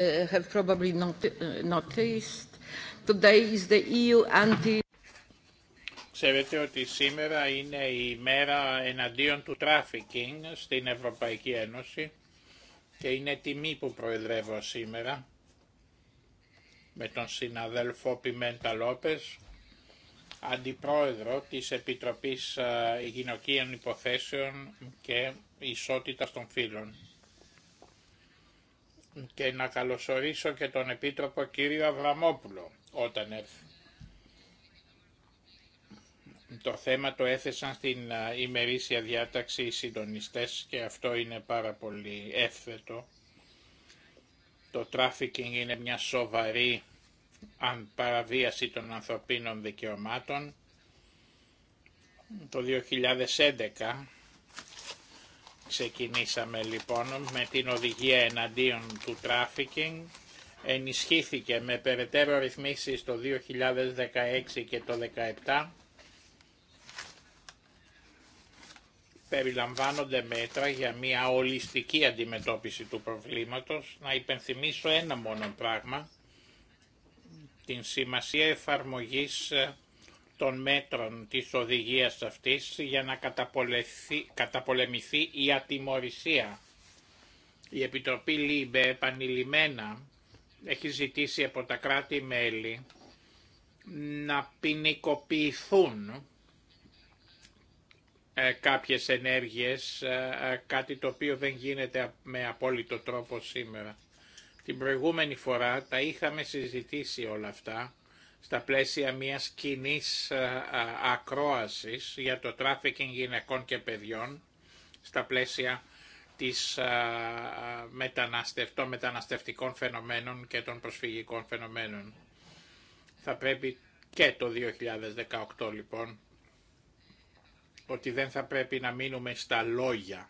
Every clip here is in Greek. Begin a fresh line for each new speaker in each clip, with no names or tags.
Uh, have probably uh, noticed, today is the e
Ξέρετε ότι σήμερα είναι η μέρα εναντίον του τράφικινγκ στην Ευρωπαϊκή Ένωση και είναι τιμή που προεδρεύω σήμερα με τον συναδέλφο Πιμέντα Λόπες, αντιπρόεδρο της Επιτροπής ε, Γυναικείων Υποθέσεων και Ισότητας των Φύλων και να καλωσορίσω και τον Επίτροπο κύριο Αβραμόπουλο όταν έρθει. Το θέμα το έθεσαν στην ημερήσια διάταξη οι συντονιστές και αυτό είναι πάρα πολύ εύθετο. Το τράφικινγκ είναι μια σοβαρή παραβίαση των ανθρωπίνων δικαιωμάτων. Το 2011 Ξεκινήσαμε λοιπόν με την οδηγία εναντίον του τράφικινγκ. Ενισχύθηκε με περαιτέρω ρυθμίσεις το 2016 και το 2017. Περιλαμβάνονται μέτρα για μια ολιστική αντιμετώπιση του προβλήματος. Να υπενθυμίσω ένα μόνο πράγμα, την σημασία εφαρμογής ε, των μέτρων της οδηγίας αυτής για να καταπολεμηθεί η ατιμορρησία. Η Επιτροπή ΛΥΜΠΕ επανειλημμένα έχει ζητήσει από τα κράτη-μέλη να ποινικοποιηθούν ε, κάποιες ενέργειες, ε, ε, κάτι το οποίο δεν γίνεται με απόλυτο τρόπο σήμερα. Την προηγούμενη φορά τα είχαμε συζητήσει όλα αυτά στα πλαίσια μιας κοινή ε, ε, ακρόασης για το τράφικινγκ γυναικών και παιδιών, στα πλαίσια της ε, μεταναστευτών, μεταναστευτικών φαινομένων και των προσφυγικών φαινομένων. Θα πρέπει και το 2018 λοιπόν ότι δεν θα πρέπει να μείνουμε στα λόγια.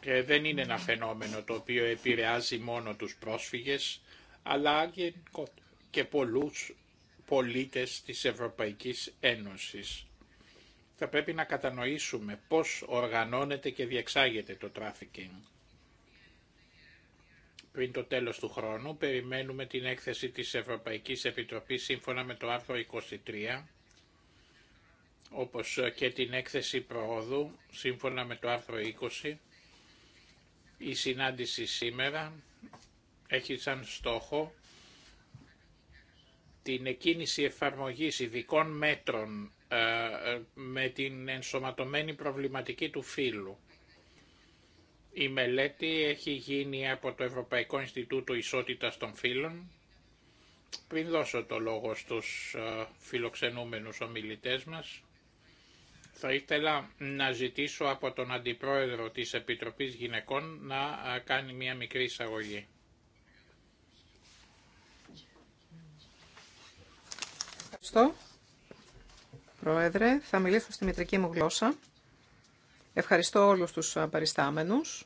Και δεν είναι ένα φαινόμενο το οποίο επηρεάζει μόνο τους πρόσφυγες, αλλά και πολλούς πολίτες της Ευρωπαϊκής Ένωσης. Θα πρέπει να κατανοήσουμε πώς οργανώνεται και διεξάγεται το τράφικινγκ. Πριν το τέλος του χρόνου περιμένουμε την έκθεση της Ευρωπαϊκής Επιτροπής σύμφωνα με το άρθρο 23, όπως και την έκθεση προόδου σύμφωνα με το άρθρο 20, η συνάντηση σήμερα έχει σαν στόχο την εκκίνηση εφαρμογής ειδικών μέτρων ε, ε, με την ενσωματωμένη προβληματική του φύλου. Η μελέτη έχει γίνει από το Ευρωπαϊκό Ινστιτούτο Ισότητας των Φύλων. Πριν δώσω το λόγο στους ε, φιλοξενούμενους ομιλητές μας, θα ήθελα να ζητήσω από τον Αντιπρόεδρο της Επιτροπής Γυναικών να κάνει μια μικρή εισαγωγή.
Ευχαριστώ. Πρόεδρε, θα μιλήσω στη μητρική μου γλώσσα. Ευχαριστώ όλους τους παριστάμενους.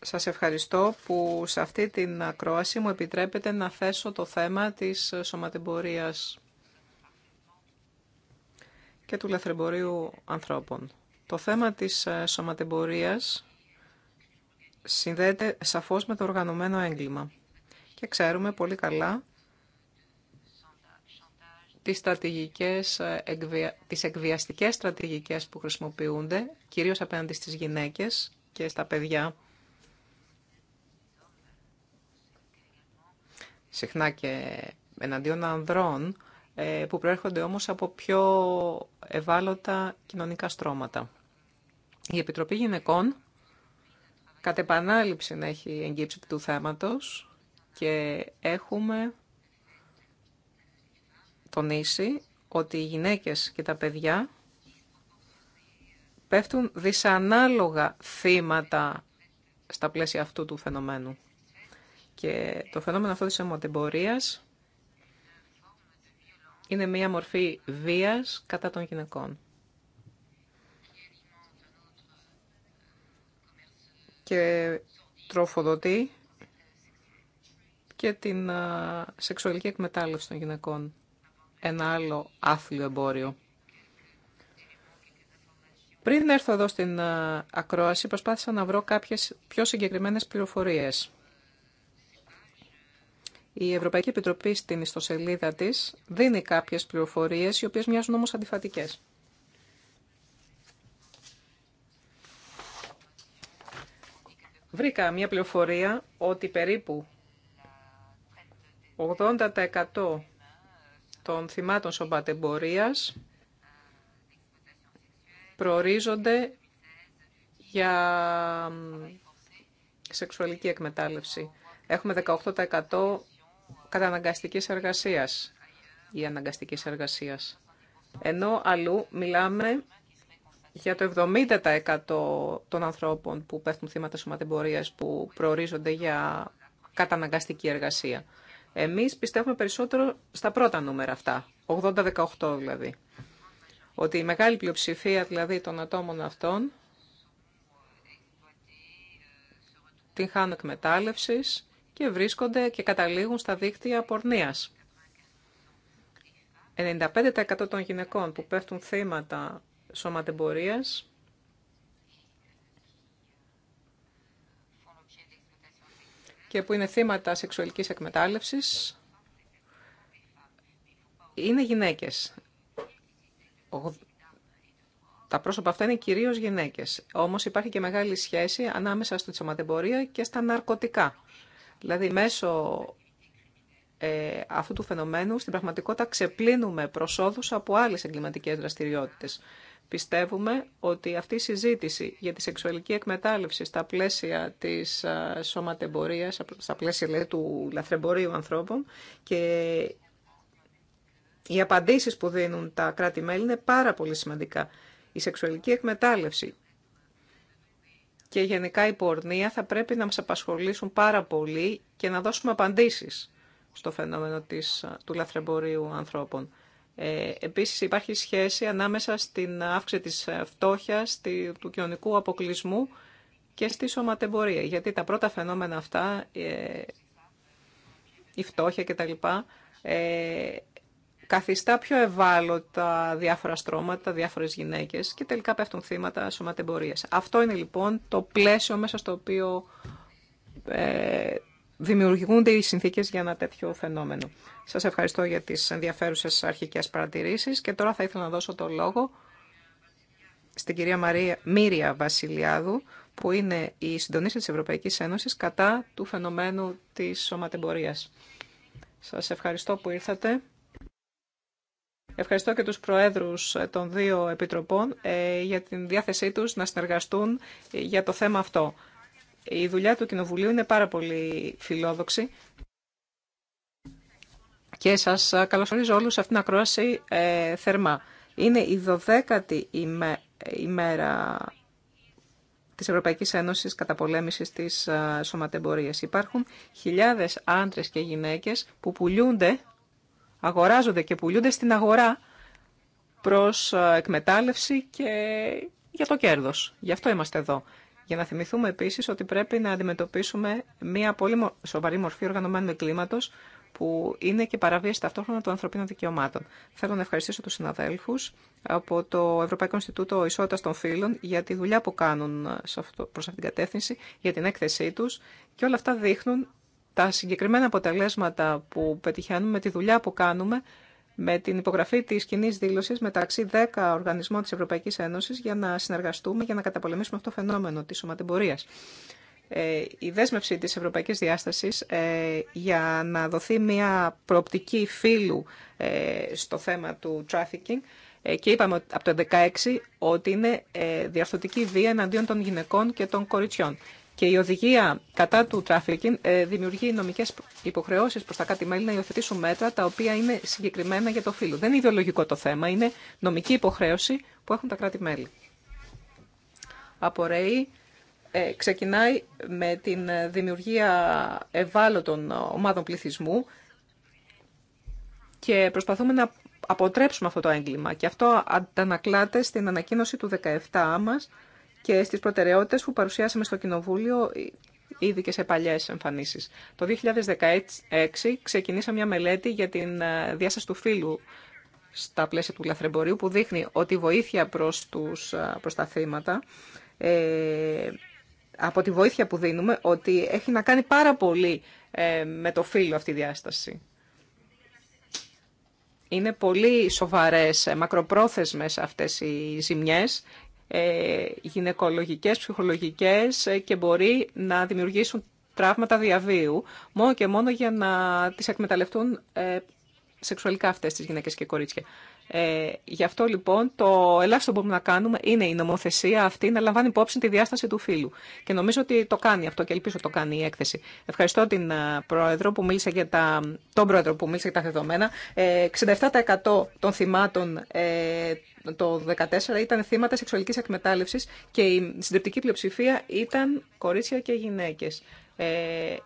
Σας ευχαριστώ που σε αυτή την ακρόαση μου επιτρέπετε να θέσω το θέμα της σωματεμπορίας και του λαθρεμπορίου ανθρώπων. Το θέμα της σωματεμπορίας συνδέεται σαφώς με το οργανωμένο έγκλημα. Και ξέρουμε πολύ καλά τις, στρατηγικές, ε, τις εκβιαστικές στρατηγικές που χρησιμοποιούνται, κυρίως απέναντι στις γυναίκες και στα παιδιά. Συχνά και εναντίον ανδρών, ε, που προέρχονται όμως από πιο ευάλωτα κοινωνικά στρώματα. Η Επιτροπή Γυναικών κατ' επανάληψη έχει εγγύψει του θέματος και έχουμε τονίσει ότι οι γυναίκες και τα παιδιά πέφτουν δυσανάλογα θύματα στα πλαίσια αυτού του φαινομένου. Και το φαινόμενο αυτό της αιμοτεμπορίας είναι μία μορφή βίας κατά των γυναικών. Και τροφοδοτεί και την σεξουαλική εκμετάλλευση των γυναικών ένα άλλο άθλιο εμπόριο. Πριν έρθω εδώ στην ε, ακρόαση, προσπάθησα να βρω κάποιες πιο συγκεκριμένες πληροφορίες. Η Ευρωπαϊκή Επιτροπή στην ιστοσελίδα της δίνει κάποιες πληροφορίες, οι οποίες μοιάζουν όμως αντιφατικές. Βρήκα μια πληροφορία ότι περίπου 80% των θυμάτων σωματεμπορίας προορίζονται για σεξουαλική εκμετάλλευση. Έχουμε 18% καταναγκαστικής εργασίας ή αναγκαστικής εργασίας. Ενώ αλλού μιλάμε για το 70% των ανθρώπων που πέφτουν θύματα σωματεμπορίας που προορίζονται για καταναγκαστική εργασία. Εμείς πιστεύουμε περισσότερο στα πρώτα νούμερα αυτά, 80-18 δηλαδή. Ότι η μεγάλη πλειοψηφία δηλαδή των ατόμων αυτών την χάνουν εκμετάλλευση και βρίσκονται και καταλήγουν στα δίκτυα πορνείας. 95% των γυναικών που πέφτουν θύματα σωματεμπορίας και που είναι θύματα σεξουαλικής εκμετάλλευσης είναι γυναίκες. Τα πρόσωπα αυτά είναι κυρίως γυναίκες. Όμως υπάρχει και μεγάλη σχέση ανάμεσα στη σωματεμπορία και στα ναρκωτικά. Δηλαδή μέσω ε, αυτού του φαινομένου στην πραγματικότητα ξεπλύνουμε προσόδους από άλλες εγκληματικές δραστηριότητες. Πιστεύουμε ότι αυτή η συζήτηση για τη σεξουαλική εκμετάλλευση στα πλαίσια της σωματεμπορίας, στα πλαίσια του λαθρεμπορίου ανθρώπων και οι απαντήσεις που δίνουν τα κράτη-μέλη είναι πάρα πολύ σημαντικά. Η σεξουαλική εκμετάλλευση και γενικά η πορνεία θα πρέπει να μας απασχολήσουν πάρα πολύ και να δώσουμε απαντήσεις στο φαινόμενο της, του λαθρεμπορίου ανθρώπων. Ε, επίσης υπάρχει σχέση ανάμεσα στην αύξηση της φτώχειας, του κοινωνικού αποκλεισμού και στη σωματεμπορία. Γιατί τα πρώτα φαινόμενα αυτά, ε, η φτώχεια λοιπά, ε, καθιστά πιο ευάλωτα διάφορα στρώματα, διάφορες γυναίκες και τελικά πέφτουν θύματα σωματεμπορίας. Αυτό είναι λοιπόν το πλαίσιο μέσα στο οποίο ε, δημιουργούνται οι συνθήκες για ένα τέτοιο φαινόμενο. Σας ευχαριστώ για τις ενδιαφέρουσε αρχικές παρατηρήσεις και τώρα θα ήθελα να δώσω το λόγο στην κυρία Μαρία Μύρια Βασιλιάδου, που είναι η συντονίστρια τη Ευρωπαϊκής Ένωση κατά του φαινομένου της σωματεμπορία. Σας ευχαριστώ που ήρθατε. Ευχαριστώ και τους Προέδρους των δύο Επιτροπών ε, για την διάθεσή τους να συνεργαστούν για το θέμα αυτό η δουλειά του Κοινοβουλίου είναι πάρα πολύ φιλόδοξη και σας καλωσορίζω όλους σε αυτήν την ακρόαση ε, θερμά. Είναι η 12η ημέρα της Ευρωπαϊκής Ένωσης πολέμησης της ε, σωματεμπορίας. Υπάρχουν χιλιάδες άντρες και γυναίκες που πουλούνται, αγοράζονται και πουλούνται στην αγορά προς ε, εκμετάλλευση και για το κέρδος. Γι' αυτό είμαστε εδώ. Για να θυμηθούμε επίσης ότι πρέπει να αντιμετωπίσουμε μια πολύ σοβαρή μορφή οργανωμένου εγκλήματος που είναι και παραβίαση ταυτόχρονα των ανθρωπίνων δικαιωμάτων. Θέλω να ευχαριστήσω τους συναδέλφους από το Ευρωπαϊκό Ινστιτούτο Ισότητας των Φύλων για τη δουλειά που κάνουν προς αυτήν την κατεύθυνση, για την έκθεσή τους και όλα αυτά δείχνουν τα συγκεκριμένα αποτελέσματα που πετυχαίνουμε, τη δουλειά που κάνουμε με την υπογραφή της κοινή δήλωση μεταξύ 10 οργανισμών της Ευρωπαϊκής Ένωσης για να συνεργαστούμε για να καταπολεμήσουμε αυτό το φαινόμενο της σωματεμπορίας. Ε, η δέσμευση της Ευρωπαϊκής Διάστασης ε, για να δοθεί μια προοπτική φύλου ε, στο θέμα του trafficking ε, και είπαμε από το 2016 ότι είναι ε, διαρθωτική βία εναντίον των γυναικών και των κοριτσιών. Και η οδηγία κατά του τράφικινγκ ε, δημιουργεί νομικέ υποχρεώσει προ τα κάτι μέλη να υιοθετήσουν μέτρα τα οποία είναι συγκεκριμένα για το φύλλο. Δεν είναι ιδεολογικό το θέμα, είναι νομική υποχρέωση που έχουν τα κράτη-μέλη. Απορρέει, ε, ξεκινάει με την δημιουργία ευάλωτων ομάδων πληθυσμού και προσπαθούμε να αποτρέψουμε αυτό το έγκλημα. Και αυτό αντανακλάται στην ανακοίνωση του 17 μας και στις προτεραιότητες που παρουσιάσαμε στο Κοινοβούλιο ήδη και σε παλιές εμφανίσεις. Το 2016 ξεκινήσαμε μια μελέτη για την ε, διάσταση του φύλου στα πλαίσια του λαθρεμπορίου που δείχνει ότι η βοήθεια προς, τους, ε, προς τα θύματα ε, από τη βοήθεια που δίνουμε ότι έχει να κάνει πάρα πολύ με το φύλλο αυτή η διάσταση. Είναι πολύ σοβαρές, μακροπρόθεσμες αυτές οι ζημιές ε, γυναικολογικές, ψυχολογικές ε, και μπορεί να δημιουργήσουν τραύματα διαβίου μόνο και μόνο για να τις εκμεταλλευτούν ε, σεξουαλικά αυτές τις γυναίκες και κορίτσια. Ε, γι' αυτό λοιπόν το ελάχιστο που μπορούμε να κάνουμε είναι η νομοθεσία αυτή να λαμβάνει υπόψη τη διάσταση του φύλου. Και νομίζω ότι το κάνει αυτό και ελπίζω το κάνει η έκθεση. Ευχαριστώ την πρόεδρο που μίλησε για τα, τον πρόεδρο που μίλησε για τα δεδομένα. 67% των θυμάτων ε, το 2014 ήταν θύματα σεξουαλικής εκμετάλλευσης και η συντριπτική πλειοψηφία ήταν κορίτσια και γυναίκες. Ε,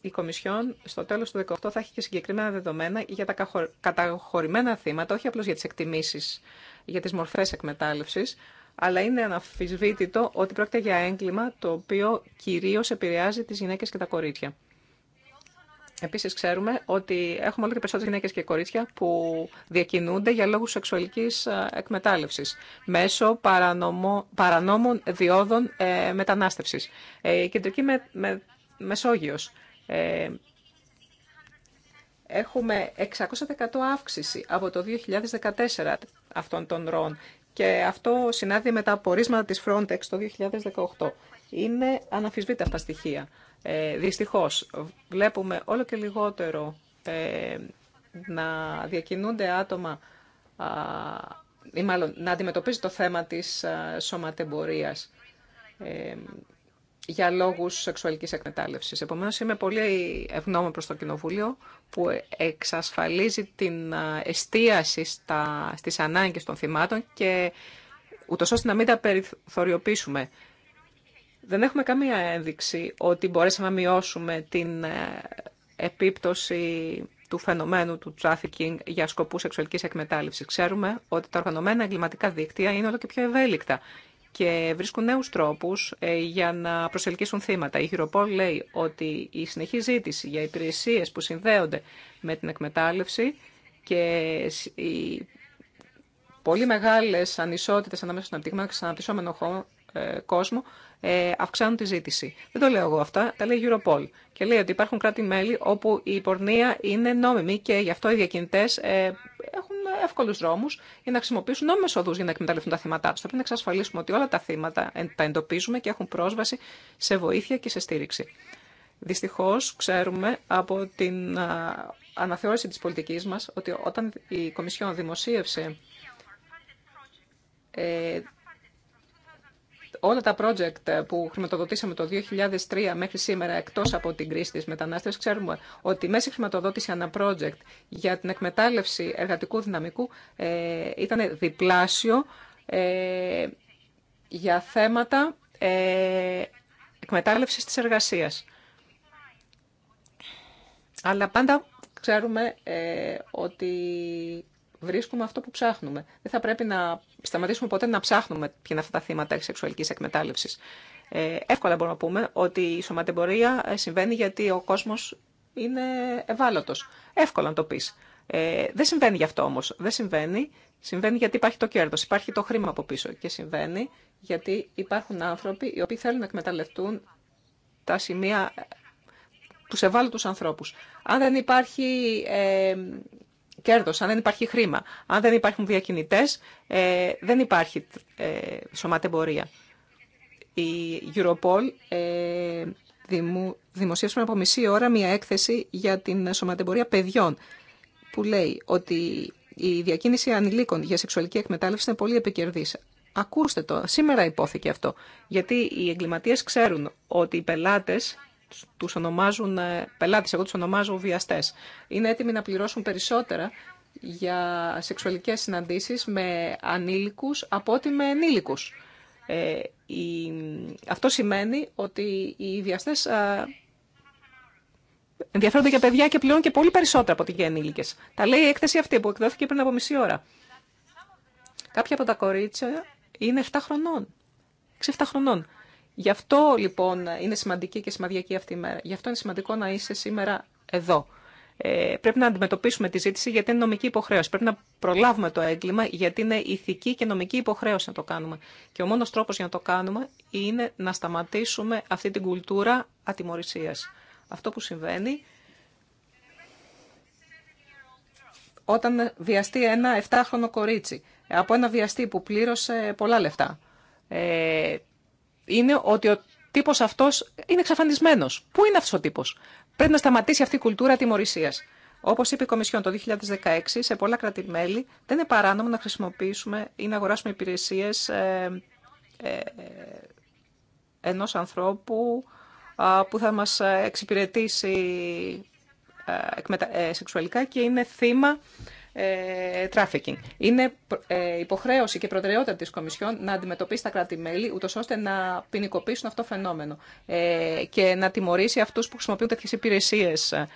η Κομισιόν στο τέλος του 2018 θα έχει και συγκεκριμένα δεδομένα για τα καταχωρημένα θύματα, όχι απλώς για τις εκτιμήσεις, για τις μορφές εκμετάλλευσης, αλλά είναι αναφυσβήτητο ότι πρόκειται για έγκλημα το οποίο κυρίως επηρεάζει τις γυναίκες και τα κορίτσια. Επίση, ξέρουμε ότι έχουμε όλο και περισσότερε γυναίκε και κορίτσια που διακινούνται για λόγου σεξουαλική ε, εκμετάλλευση μέσω παρανόμων διόδων ε, μετανάστευση. Ε, η κεντρική με, Μεσόγειο. Ε, έχουμε 600% αύξηση από το 2014 αυτών των ροών και αυτό συνάδει με τα απορίσματα της Frontex το 2018 είναι αναφυσβήτα αυτά τα στοιχεία. Ε, δυστυχώς, βλέπουμε όλο και λιγότερο ε, να διακινούνται άτομα α, ή μάλλον να αντιμετωπίζει το θέμα της α, σωματεμπορίας ε, για λόγους σεξουαλικής εκμετάλλευσης. Επομένως, είμαι πολύ ευγνώμων προς το Κοινοβούλιο που εξασφαλίζει την εστίαση στα, στις ανάγκες των θυμάτων και ούτως ώστε να μην τα περιθωριοποιήσουμε δεν έχουμε καμία ένδειξη ότι μπορέσαμε να μειώσουμε την ε, επίπτωση του φαινομένου του trafficking για σκοπούς σεξουαλικής εκμετάλλευσης. Ξέρουμε ότι τα οργανωμένα εγκληματικά δίκτυα είναι όλο και πιο ευέλικτα και βρίσκουν νέους τρόπους ε, για να προσελκύσουν θύματα. Η Χιροπόλ λέει ότι η συνεχή ζήτηση για υπηρεσίες που συνδέονται με την εκμετάλλευση και οι πολύ μεγάλες ανισότητες ανάμεσα στον αναπτυγμένο και στον αναπτυσσόμενο ε, κόσμο ε, αυξάνουν τη ζήτηση. Δεν το λέω εγώ αυτά, τα λέει η Europol. Και λέει ότι υπάρχουν κράτη-μέλη όπου η πορνεία είναι νόμιμη και γι' αυτό οι διακινητέ ε, έχουν εύκολου δρόμου για να χρησιμοποιήσουν νόμιμε οδού για να εκμεταλλευτούν τα θύματα του. Θα πρέπει να εξασφαλίσουμε ότι όλα τα θύματα τα εντοπίζουμε και έχουν πρόσβαση σε βοήθεια και σε στήριξη. Δυστυχώ, ξέρουμε από την αναθεώρηση τη πολιτική μα ότι όταν η Κομισιόν δημοσίευσε όλα τα project ε, που χρηματοδοτήσαμε το 2003 μέχρι σήμερα, εκτός από την κρίση της μετανάστευσης, ξέρουμε ότι η μέση χρηματοδότηση ανά project για την εκμετάλλευση εργατικού δυναμικού ε, ήταν διπλάσιο ε, για θέματα ε, εκμετάλλευσης της εργασίας. Αλλά πάντα ξέρουμε ε, ότι βρίσκουμε αυτό που ψάχνουμε. Δεν θα πρέπει να σταματήσουμε ποτέ να ψάχνουμε ποια είναι αυτά τα θύματα της σεξουαλικής εκμετάλλευσης. Ε, εύκολα μπορούμε να πούμε ότι η σωματεμπορία ε, συμβαίνει γιατί ο κόσμος είναι ευάλωτος. Εύκολα να το πεις. Ε, δεν συμβαίνει γι' αυτό όμως. Δεν συμβαίνει. Συμβαίνει γιατί υπάρχει το κέρδος, υπάρχει το χρήμα από πίσω. Και συμβαίνει γιατί υπάρχουν άνθρωποι οι οποίοι θέλουν να εκμεταλλευτούν τα σημεία ε, του ευάλωτου ανθρώπου. Αν δεν υπάρχει ε, κέρδος, αν δεν υπάρχει χρήμα, αν δεν υπάρχουν διακινητές, ε, δεν υπάρχει ε, σωματεμπορία. Η Europol ε, δημοσίευσε από μισή ώρα μια έκθεση για την σωματεμπορία παιδιών που λέει ότι η διακίνηση ανηλίκων για σεξουαλική εκμετάλλευση είναι πολύ επικερδής. Ακούστε το, σήμερα υπόθηκε αυτό, γιατί οι εγκληματίες ξέρουν ότι οι πελάτες τους ονομάζουν ε, πελάτες, εγώ τους ονομάζω βιαστές. Είναι έτοιμοι να πληρώσουν περισσότερα για σεξουαλικές συναντήσεις με ανήλικους από ότι με ενήλικους. Ε, αυτό σημαίνει ότι οι βιαστές ε, ενδιαφέρονται για παιδιά και πληρώνουν και πολύ περισσότερα από ότι για ενήλικες. Τα λέει η έκθεση αυτή που εκδόθηκε πριν από μισή ώρα. Κάποια από τα κορίτσια είναι 7 χρονών. 6-7 χρονών. Γι' αυτό λοιπόν είναι σημαντική και σημαδιακή αυτή η μέρα. Γι' αυτό είναι σημαντικό να είσαι σήμερα εδώ. Ε, πρέπει να αντιμετωπίσουμε τη ζήτηση γιατί είναι νομική υποχρέωση. Πρέπει να προλάβουμε το έγκλημα γιατί είναι ηθική και νομική υποχρέωση να το κάνουμε. Και ο μόνος τρόπος για να το κάνουμε είναι να σταματήσουμε αυτή την κουλτούρα ατιμορρησίας. Αυτό που συμβαίνει όταν βιαστεί ένα 7χρονο κορίτσι από ένα βιαστή που πλήρωσε πολλά λεφτά. Ε, είναι ότι ο τύπος αυτός είναι εξαφανισμένος. Πού είναι αυτός ο τύπος. Πρέπει να σταματήσει αυτή η κουλτούρα τιμωρησία. Όπω είπε η Κομισιόν το 2016, σε πολλά κράτη-μέλη δεν είναι παράνομο να χρησιμοποιήσουμε ή να αγοράσουμε υπηρεσίε ε, ε, ενό ανθρώπου που θα μα εξυπηρετήσει ε, ε, σεξουαλικά και είναι θύμα ε, trafficking. Είναι ε, υποχρέωση και προτεραιότητα της Κομισιόν να αντιμετωπίσει τα κράτη-μέλη, ούτως ώστε να ποινικοποιήσουν αυτό το φαινόμενο ε, και να τιμωρήσει αυτούς που χρησιμοποιούν τέτοιες υπηρεσίες. Θα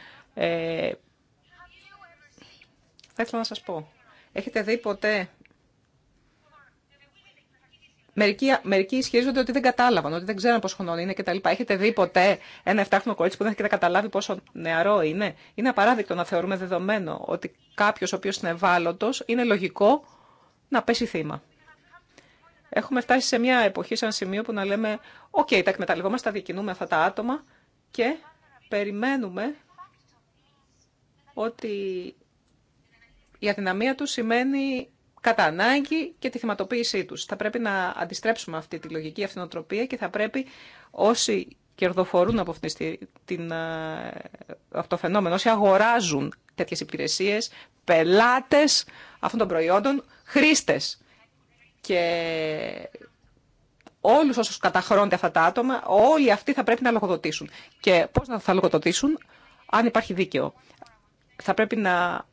ήθελα να σας πω, έχετε δει ποτέ Μερικοί, μερικοί ισχυρίζονται ότι δεν κατάλαβαν, ότι δεν ξέραν πόσο χρονών είναι κτλ. Έχετε δει ποτέ εφτάχνο κορίτσι που δεν έχετε καταλάβει πόσο νεαρό είναι. Είναι απαράδεικτο να θεωρούμε δεδομένο ότι κάποιο ο οποίο είναι ευάλωτο είναι λογικό να πέσει θύμα. Έχουμε φτάσει σε μια εποχή, σε ένα σημείο που να λέμε: Οκ, okay, τα εκμεταλλευόμαστε, τα διακινούμε αυτά τα άτομα και περιμένουμε ότι η αδυναμία του σημαίνει κατά ανάγκη και τη θυματοποίησή τους. Θα πρέπει να αντιστρέψουμε αυτή τη λογική, αυτή την και θα πρέπει όσοι κερδοφορούν από αυτή την, ε, αυτό το φαινόμενο, όσοι αγοράζουν τέτοιες υπηρεσίες, πελάτες αυτών των προϊόντων, χρήστες. Και όλους όσους καταχρώνται αυτά τα άτομα, όλοι αυτοί θα πρέπει να λογοδοτήσουν. Και πώς να θα λογοδοτήσουν, αν υπάρχει δίκαιο. Θα πρέπει να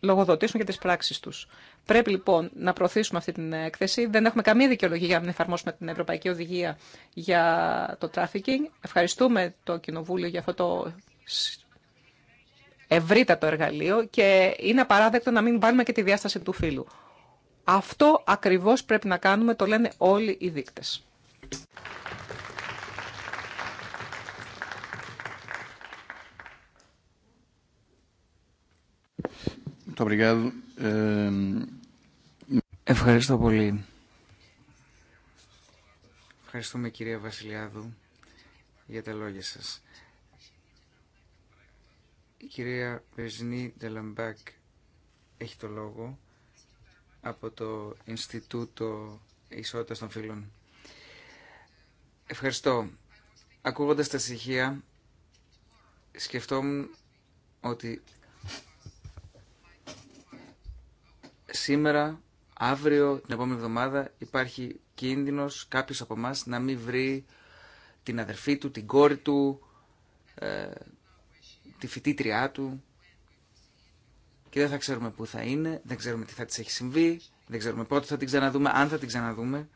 λογοδοτήσουν για τι πράξει τους. Πρέπει λοιπόν να προωθήσουμε αυτή την έκθεση. Δεν έχουμε καμία δικαιολογία για να εφαρμόσουμε την Ευρωπαϊκή Οδηγία για το τράφικινγκ. Ευχαριστούμε το Κοινοβούλιο για αυτό το ευρύτατο εργαλείο και είναι απαράδεκτο να μην βάλουμε και τη διάσταση του φύλου. Αυτό ακριβώς πρέπει να κάνουμε, το λένε όλοι οι δείκτες.
Ε, Ευχαριστώ πολύ. Ευχαριστούμε κυρία Βασιλιάδου για τα λόγια σας. Η κυρία Βεζνή Ντελαμπάκ έχει το λόγο από το Ινστιτούτο Ισότητας των Φίλων. Ευχαριστώ. Ακούγοντας τα στοιχεία, σκεφτόμουν ότι σήμερα, αύριο, την επόμενη εβδομάδα υπάρχει κίνδυνος κάποιος από εμά να μην βρει την αδερφή του, την κόρη του, ε, τη φοιτήτριά του και δεν θα ξέρουμε πού θα είναι, δεν ξέρουμε τι θα της έχει συμβεί, δεν ξέρουμε πότε θα την ξαναδούμε, αν θα την ξαναδούμε.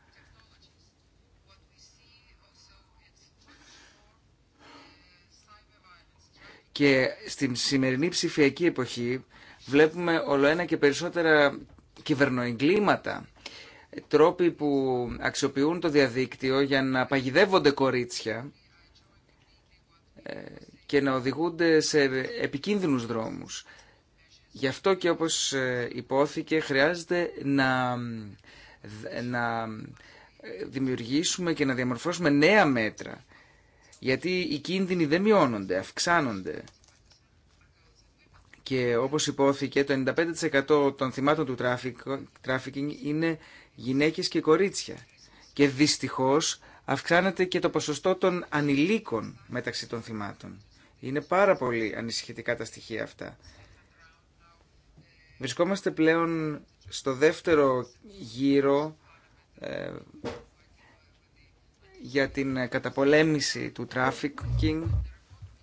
Και στην σημερινή ψηφιακή εποχή Βλέπουμε ολοένα και περισσότερα κυβερνοεγκλήματα, τρόποι που αξιοποιούν το διαδίκτυο για να παγιδεύονται κορίτσια ε, και να οδηγούνται σε επικίνδυνους δρόμους. Γι' αυτό και όπως ε, υπόθηκε χρειάζεται να, να δημιουργήσουμε και να διαμορφώσουμε νέα μέτρα. Γιατί οι κίνδυνοι δεν μειώνονται, αυξάνονται και όπως υπόθηκε το 95% των θυμάτων του τράφικινγκ είναι γυναίκες και κορίτσια. Και δυστυχώς αυξάνεται και το ποσοστό των ανηλίκων μεταξύ των θυμάτων. Είναι πάρα πολύ ανησυχητικά τα στοιχεία αυτά. Βρισκόμαστε πλέον στο δεύτερο γύρο ε, για την καταπολέμηση του τράφικινγκ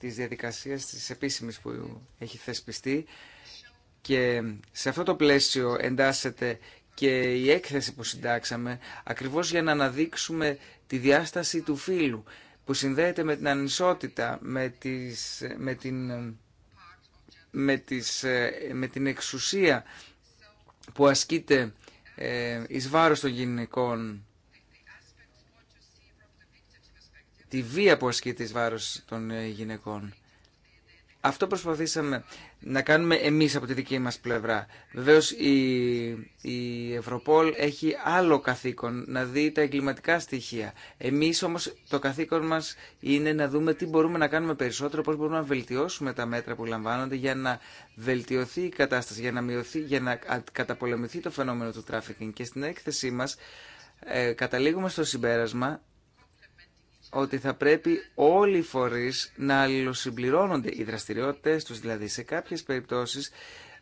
της διαδικασίας της επίσημης που έχει θεσπιστεί και σε αυτό το πλαίσιο εντάσσεται και η έκθεση που συντάξαμε ακριβώς για να αναδείξουμε τη διάσταση του φύλου που συνδέεται με την ανισότητα, με, τις, με, την, με, τις, με την εξουσία που ασκείται ε, εις βάρος των γυναικών τη βία που ασκείται εις βάρος των ε, γυναικών. Αυτό προσπαθήσαμε να κάνουμε εμείς από τη δική μας πλευρά. Βεβαίως η, η Ευρωπόλ έχει άλλο καθήκον να δει τα εγκληματικά στοιχεία. Εμείς όμως το καθήκον μας είναι να δούμε τι μπορούμε να κάνουμε περισσότερο, πώς μπορούμε να βελτιώσουμε τα μέτρα που λαμβάνονται για να βελτιωθεί η κατάσταση, για να, μειωθεί, για να καταπολεμηθεί το φαινόμενο του τράφικινγκ. Και στην έκθεσή μας ε, καταλήγουμε στο συμπέρασμα ότι θα πρέπει όλοι οι φορεί να αλληλοσυμπληρώνονται οι δραστηριότητες τους, δηλαδή σε κάποιες περιπτώσεις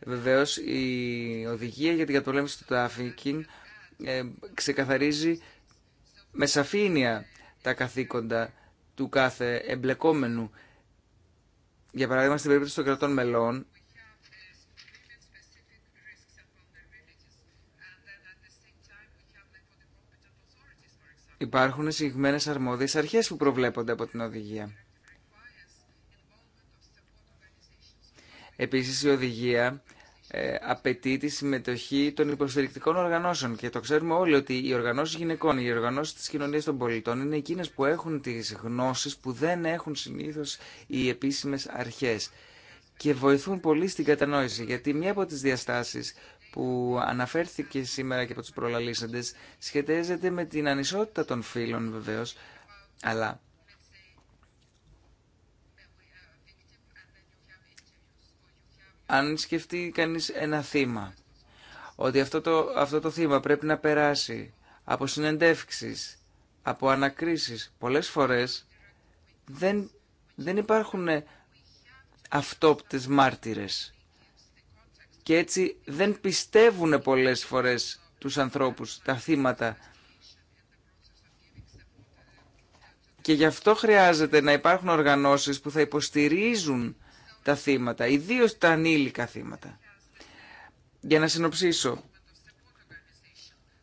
Βεβαίω, η οδηγία για την κατολέμηση του τράφικινγκ ε, ξεκαθαρίζει με σαφήνεια τα καθήκοντα του κάθε εμπλεκόμενου. Για παράδειγμα, στην περίπτωση των κρατών μελών, υπάρχουν συγκεκριμένε αρμόδιες αρχές που προβλέπονται από την οδηγία. Επίσης η οδηγία ε, απαιτεί τη συμμετοχή των υποστηρικτικών οργανώσεων και το ξέρουμε όλοι ότι οι οργανώσεις γυναικών, οι οργανώσεις της κοινωνίας των πολιτών είναι εκείνες που έχουν τις γνώσεις που δεν έχουν συνήθως οι επίσημες αρχές και βοηθούν πολύ στην κατανόηση γιατί μία από τις διαστάσεις που αναφέρθηκε σήμερα και από τους προλαλήσαντες σχετίζεται με την ανισότητα των φίλων βεβαίως, αλλά αν σκεφτεί κανείς ένα θύμα, ότι αυτό το, αυτό το θύμα πρέπει να περάσει από συνεντεύξεις, από ανακρίσεις, πολλές φορές δεν, δεν υπάρχουν αυτόπτες μάρτυρες και έτσι δεν πιστεύουν πολλές φορές τους ανθρώπους, τα θύματα. Και γι' αυτό χρειάζεται να υπάρχουν οργανώσεις που θα υποστηρίζουν τα θύματα, ιδίως τα ανήλικα θύματα. Για να συνοψίσω,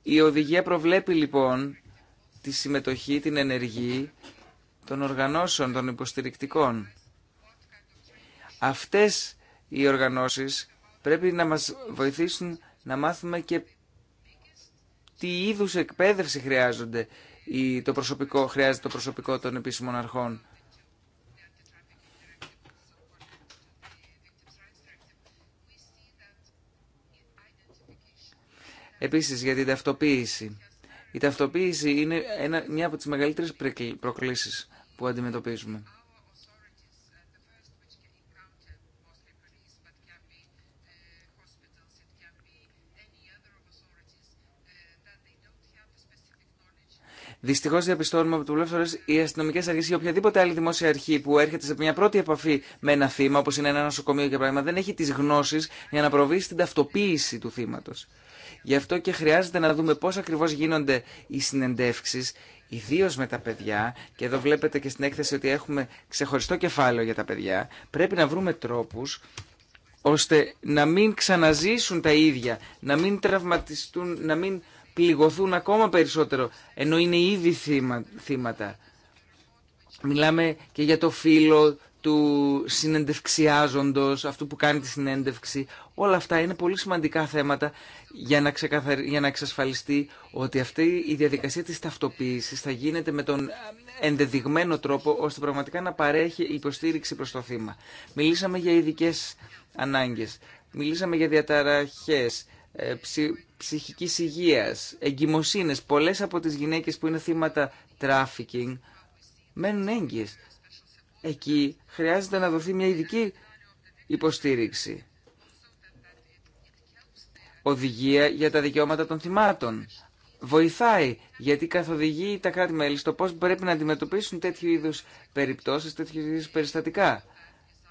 η οδηγία προβλέπει λοιπόν τη συμμετοχή, την ενεργή των οργανώσεων, των υποστηρικτικών. Αυτές οι οργανώσεις πρέπει να μας βοηθήσουν να μάθουμε και τι είδους εκπαίδευση χρειάζονται ή το προσωπικό, χρειάζεται το προσωπικό των επίσημων αρχών. Επίσης για την ταυτοποίηση. Η ταυτοποίηση είναι μια από τις μεγαλύτερες προκλήσεις που αντιμετωπίζουμε. Δυστυχώ διαπιστώνουμε ότι πολλέ φορέ οι αστυνομικέ αρχέ ή οποιαδήποτε άλλη δημόσια αρχή που έρχεται σε μια πρώτη επαφή με ένα θύμα, όπω είναι ένα νοσοκομείο για πράγμα. δεν έχει τι γνώσει για να προβεί στην ταυτοποίηση του θύματο. Γι' αυτό και χρειάζεται να δούμε πώ ακριβώ γίνονται οι συνεντεύξει, ιδίω με τα παιδιά. Και εδώ βλέπετε και στην έκθεση ότι έχουμε ξεχωριστό κεφάλαιο για τα παιδιά. Πρέπει να βρούμε τρόπου ώστε να μην ξαναζήσουν τα ίδια, να μην τραυματιστούν, να μην πληγωθούν ακόμα περισσότερο, ενώ είναι ήδη θύματα. Μιλάμε και για το φίλο του συνεντευξιάζοντος, αυτού που κάνει τη συνέντευξη. Όλα αυτά είναι πολύ σημαντικά θέματα για να, ξεκαθαρι... για να εξασφαλιστεί ότι αυτή η διαδικασία της ταυτοποίησης θα γίνεται με τον ενδεδειγμένο τρόπο ώστε πραγματικά να παρέχει υποστήριξη προς το θύμα. Μιλήσαμε για ειδικέ ανάγκες, μιλήσαμε για διαταραχές, ε, ψυχικής υγείας, εγκυμοσύνες. Πολλές από τις γυναίκες που είναι θύματα τράφικινγκ μένουν έγκυες. Εκεί χρειάζεται να δοθεί μια ειδική υποστήριξη. Οδηγία για τα δικαιώματα των θυμάτων. Βοηθάει, γιατί καθοδηγεί τα κράτη-μέλη στο πώς πρέπει να αντιμετωπίσουν τέτοιου είδους περιπτώσεις, τέτοιου είδους περιστατικά.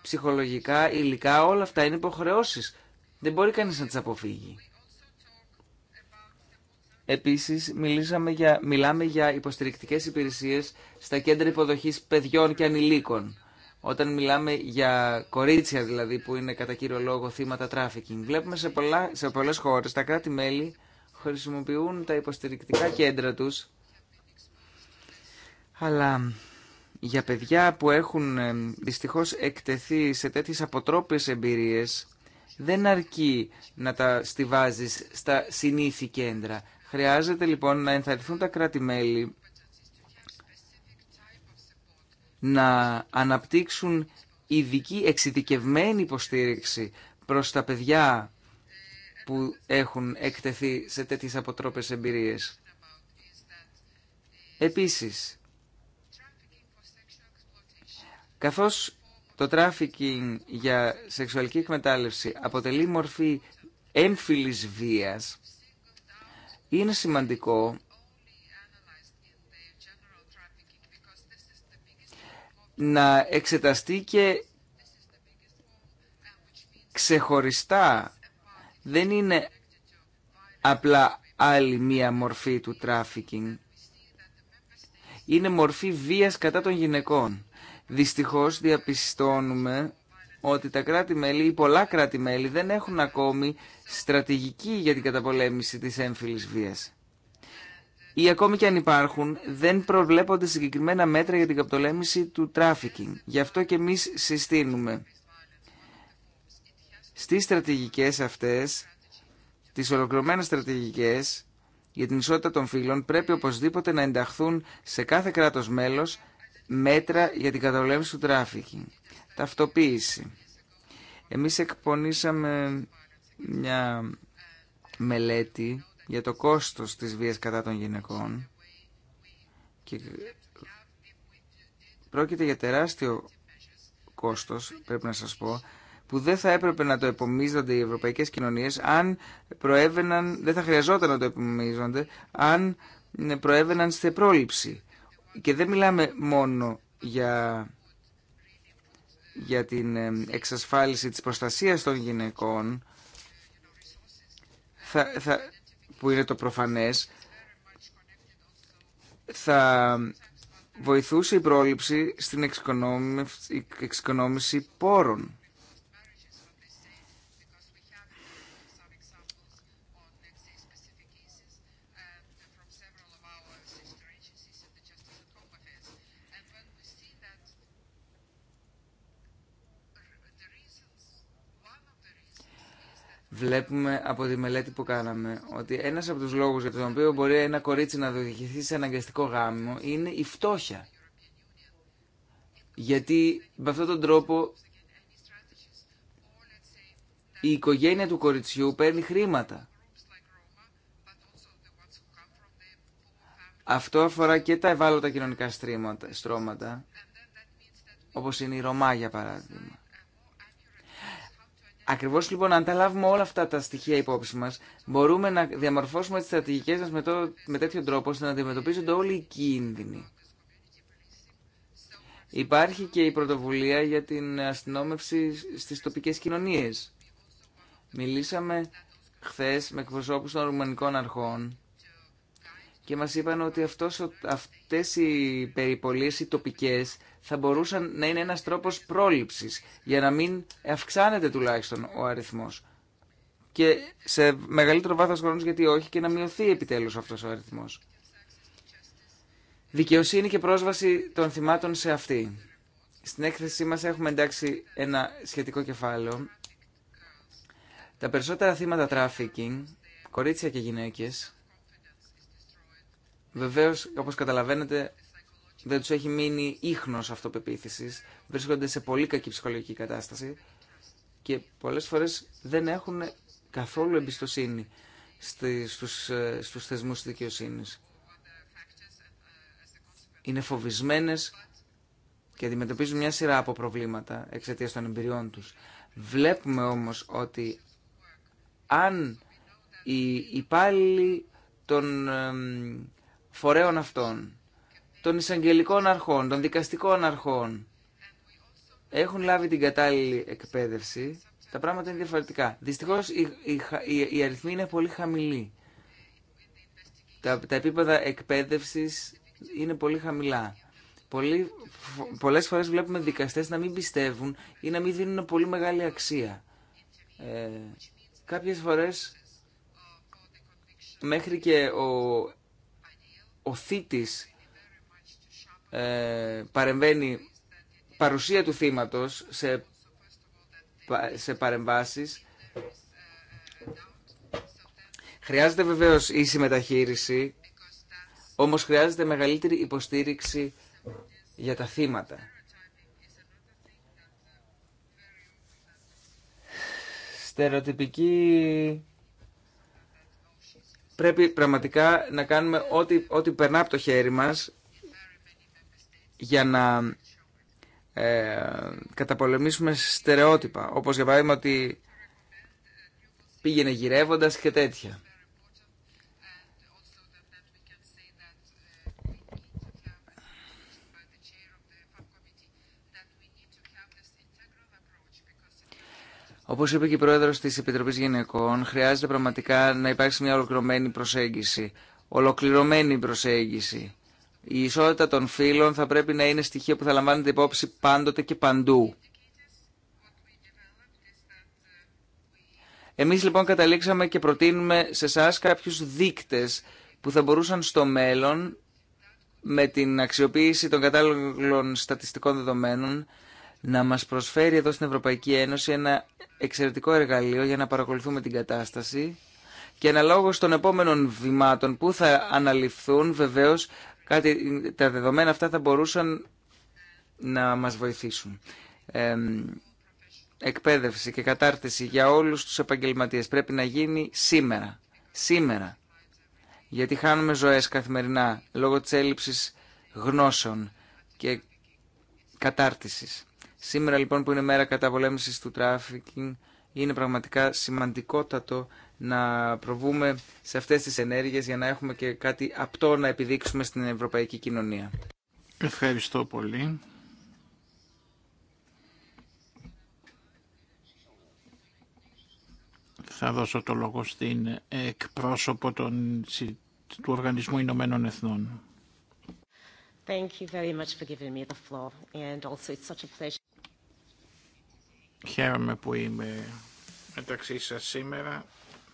Ψυχολογικά, υλικά, όλα αυτά είναι υποχρεώσεις. Δεν μπορεί κανείς να τις αποφύγει. Επίσης, μιλήσαμε για, μιλάμε για υποστηρικτικές υπηρεσίες στα κέντρα υποδοχής παιδιών και ανηλίκων. Όταν μιλάμε για κορίτσια δηλαδή που είναι κατά κύριο λόγο θύματα τράφικινγκ. Βλέπουμε σε, πολλά, σε πολλές χώρες τα κράτη-μέλη χρησιμοποιούν τα υποστηρικτικά κέντρα τους. Αλλά για παιδιά που έχουν ε, δυστυχώς εκτεθεί σε τέτοιες αποτρόπιες εμπειρίες δεν αρκεί να τα στηβάζεις στα συνήθη κέντρα. Χρειάζεται λοιπόν να ενθαρρυνθούν τα κράτη-μέλη να αναπτύξουν ειδική εξειδικευμένη υποστήριξη προς τα παιδιά που έχουν εκτεθεί σε τέτοιες αποτρόπες εμπειρίες. Επίσης, καθώς το τράφικινγκ για σεξουαλική εκμετάλλευση αποτελεί μορφή έμφυλης βίας. Είναι σημαντικό να εξεταστεί και ξεχωριστά. Δεν είναι απλά άλλη μία μορφή του τράφικινγκ. Είναι μορφή βίας κατά των γυναικών. Δυστυχώς διαπιστώνουμε ότι τα κράτη-μέλη ή πολλά κράτη-μέλη δεν έχουν ακόμη στρατηγική για την καταπολέμηση της έμφυλης βίας. Ή ακόμη και αν υπάρχουν, δεν προβλέπονται συγκεκριμένα μέτρα για την καταπολέμηση του τράφικινγκ. Γι' αυτό και εμείς συστήνουμε στις στρατηγικές αυτές, τις ολοκληρωμένες στρατηγικές για την ισότητα των φύλων, πρέπει οπωσδήποτε να ενταχθούν σε κάθε κράτος μέλος μέτρα για την καταπολέμηση του τράφικινγκ. Ταυτοποίηση. Εμείς εκπονήσαμε μια μελέτη για το κόστος της βίας κατά των γυναικών και πρόκειται για τεράστιο κόστος, πρέπει να σας πω, που δεν θα έπρεπε να το επομίζονται οι ευρωπαϊκές κοινωνίες αν προέβαιναν, δεν θα χρειαζόταν να το επομίζονται, αν προέβαιναν σε πρόληψη και δεν μιλάμε μόνο για, για την ε, εξασφάλιση της προστασίας των γυναικών, θα, που είναι το προφανές, θα βοηθούσε η πρόληψη στην εξοικονόμηση πόρων. βλέπουμε από τη μελέτη που κάναμε ότι ένας από τους λόγους για τον οποίο μπορεί ένα κορίτσι να διοικηθεί σε αναγκαστικό γάμο είναι η φτώχεια. Γιατί με αυτόν τον τρόπο η οικογένεια του κοριτσιού παίρνει χρήματα. Αυτό αφορά και τα ευάλωτα κοινωνικά στρώματα, όπως είναι η Ρωμά για παράδειγμα. Ακριβώς λοιπόν αν τα λάβουμε όλα αυτά τα στοιχεία υπόψη μας μπορούμε να διαμορφώσουμε τις στρατηγικέ μας με, με τέτοιο τρόπο ώστε να αντιμετωπίζονται όλοι οι κίνδυνοι. Υπάρχει και η πρωτοβουλία για την αστυνόμευση στις τοπικές κοινωνίες. Μιλήσαμε χθες με εκπροσώπους των ρουμανικών αρχών και μας είπαν ότι αυτός, αυτές οι περιπολίες οι τοπικές θα μπορούσαν να είναι ένας τρόπος πρόληψης για να μην αυξάνεται τουλάχιστον ο αριθμός και σε μεγαλύτερο βάθος χρόνου γιατί όχι και να μειωθεί επιτέλους αυτός ο αριθμός. Δικαιοσύνη και πρόσβαση των θυμάτων σε αυτή. Στην έκθεσή μας έχουμε εντάξει ένα σχετικό κεφάλαιο. Τα περισσότερα θύματα τράφικινγκ, κορίτσια και γυναίκες, Βεβαίω, όπω καταλαβαίνετε, δεν τους έχει μείνει ίχνος αυτοπεποίθηση. Βρίσκονται σε πολύ κακή ψυχολογική κατάσταση και πολλές φορές δεν έχουν καθόλου εμπιστοσύνη στους, ε, στους θεσμούς της Είναι φοβισμένες και αντιμετωπίζουν μια σειρά από προβλήματα εξαιτίας των εμπειριών τους. Βλέπουμε όμως ότι αν οι υπάλληλοι των φορέων αυτών, των εισαγγελικών αρχών, των δικαστικών αρχών, έχουν λάβει την κατάλληλη εκπαίδευση, τα πράγματα είναι διαφορετικά. Δυστυχώς η, η, αριθμή είναι πολύ χαμηλή. Τα, τα επίπεδα εκπαίδευσης είναι πολύ χαμηλά. Πολύ, πολλές φορές βλέπουμε δικαστές να μην πιστεύουν ή να μην δίνουν πολύ μεγάλη αξία. Ε, κάποιες φορές μέχρι και ο ο θήτης ε, παρεμβαίνει παρουσία του θύματος σε, σε παρεμβάσεις. Χρειάζεται βεβαίως ίση μεταχείριση, όμως χρειάζεται μεγαλύτερη υποστήριξη για τα θύματα. Στερεοτυπική πρέπει πραγματικά να κάνουμε ό,τι, ό,τι περνά από το χέρι μας για να ε, καταπολεμήσουμε στερεότυπα, όπως για παράδειγμα ότι πήγαινε γυρεύοντας και τέτοια. Όπω είπε και η Πρόεδρος της Επιτροπής Γυναικών, χρειάζεται πραγματικά να υπάρξει μια ολοκληρωμένη προσέγγιση. Ολοκληρωμένη προσέγγιση. Η ισότητα των φύλων θα πρέπει να είναι στοιχείο που θα λαμβάνεται υπόψη πάντοτε και παντού. Εμείς λοιπόν καταλήξαμε και προτείνουμε σε εσά κάποιους δείκτες που θα μπορούσαν στο μέλλον με την αξιοποίηση των κατάλληλων στατιστικών δεδομένων να μας προσφέρει εδώ στην Ευρωπαϊκή Ένωση ένα εξαιρετικό εργαλείο για να παρακολουθούμε την κατάσταση και αναλόγως των επόμενων βημάτων που θα αναλυφθούν βεβαίως κάτι, τα δεδομένα αυτά θα μπορούσαν να μας βοηθήσουν. εκπαίδευση και κατάρτιση για όλους τους επαγγελματίες πρέπει να γίνει σήμερα. Σήμερα. Γιατί χάνουμε ζωές καθημερινά λόγω της έλλειψης γνώσεων και κατάρτισης. Σήμερα λοιπόν που είναι μέρα καταπολέμησης του τράφικινγκ είναι πραγματικά σημαντικότατο να προβούμε σε αυτές τις ενέργειες για να έχουμε και κάτι απτό να επιδείξουμε στην ευρωπαϊκή κοινωνία. Ευχαριστώ πολύ.
Θα δώσω το λόγο στην εκπρόσωπο των, του Οργανισμού Ηνωμένων Εθνών.
Thank you very much for giving me the floor and also it's such a pleasure.
Χαίρομαι που είμαι μεταξύ σας σήμερα.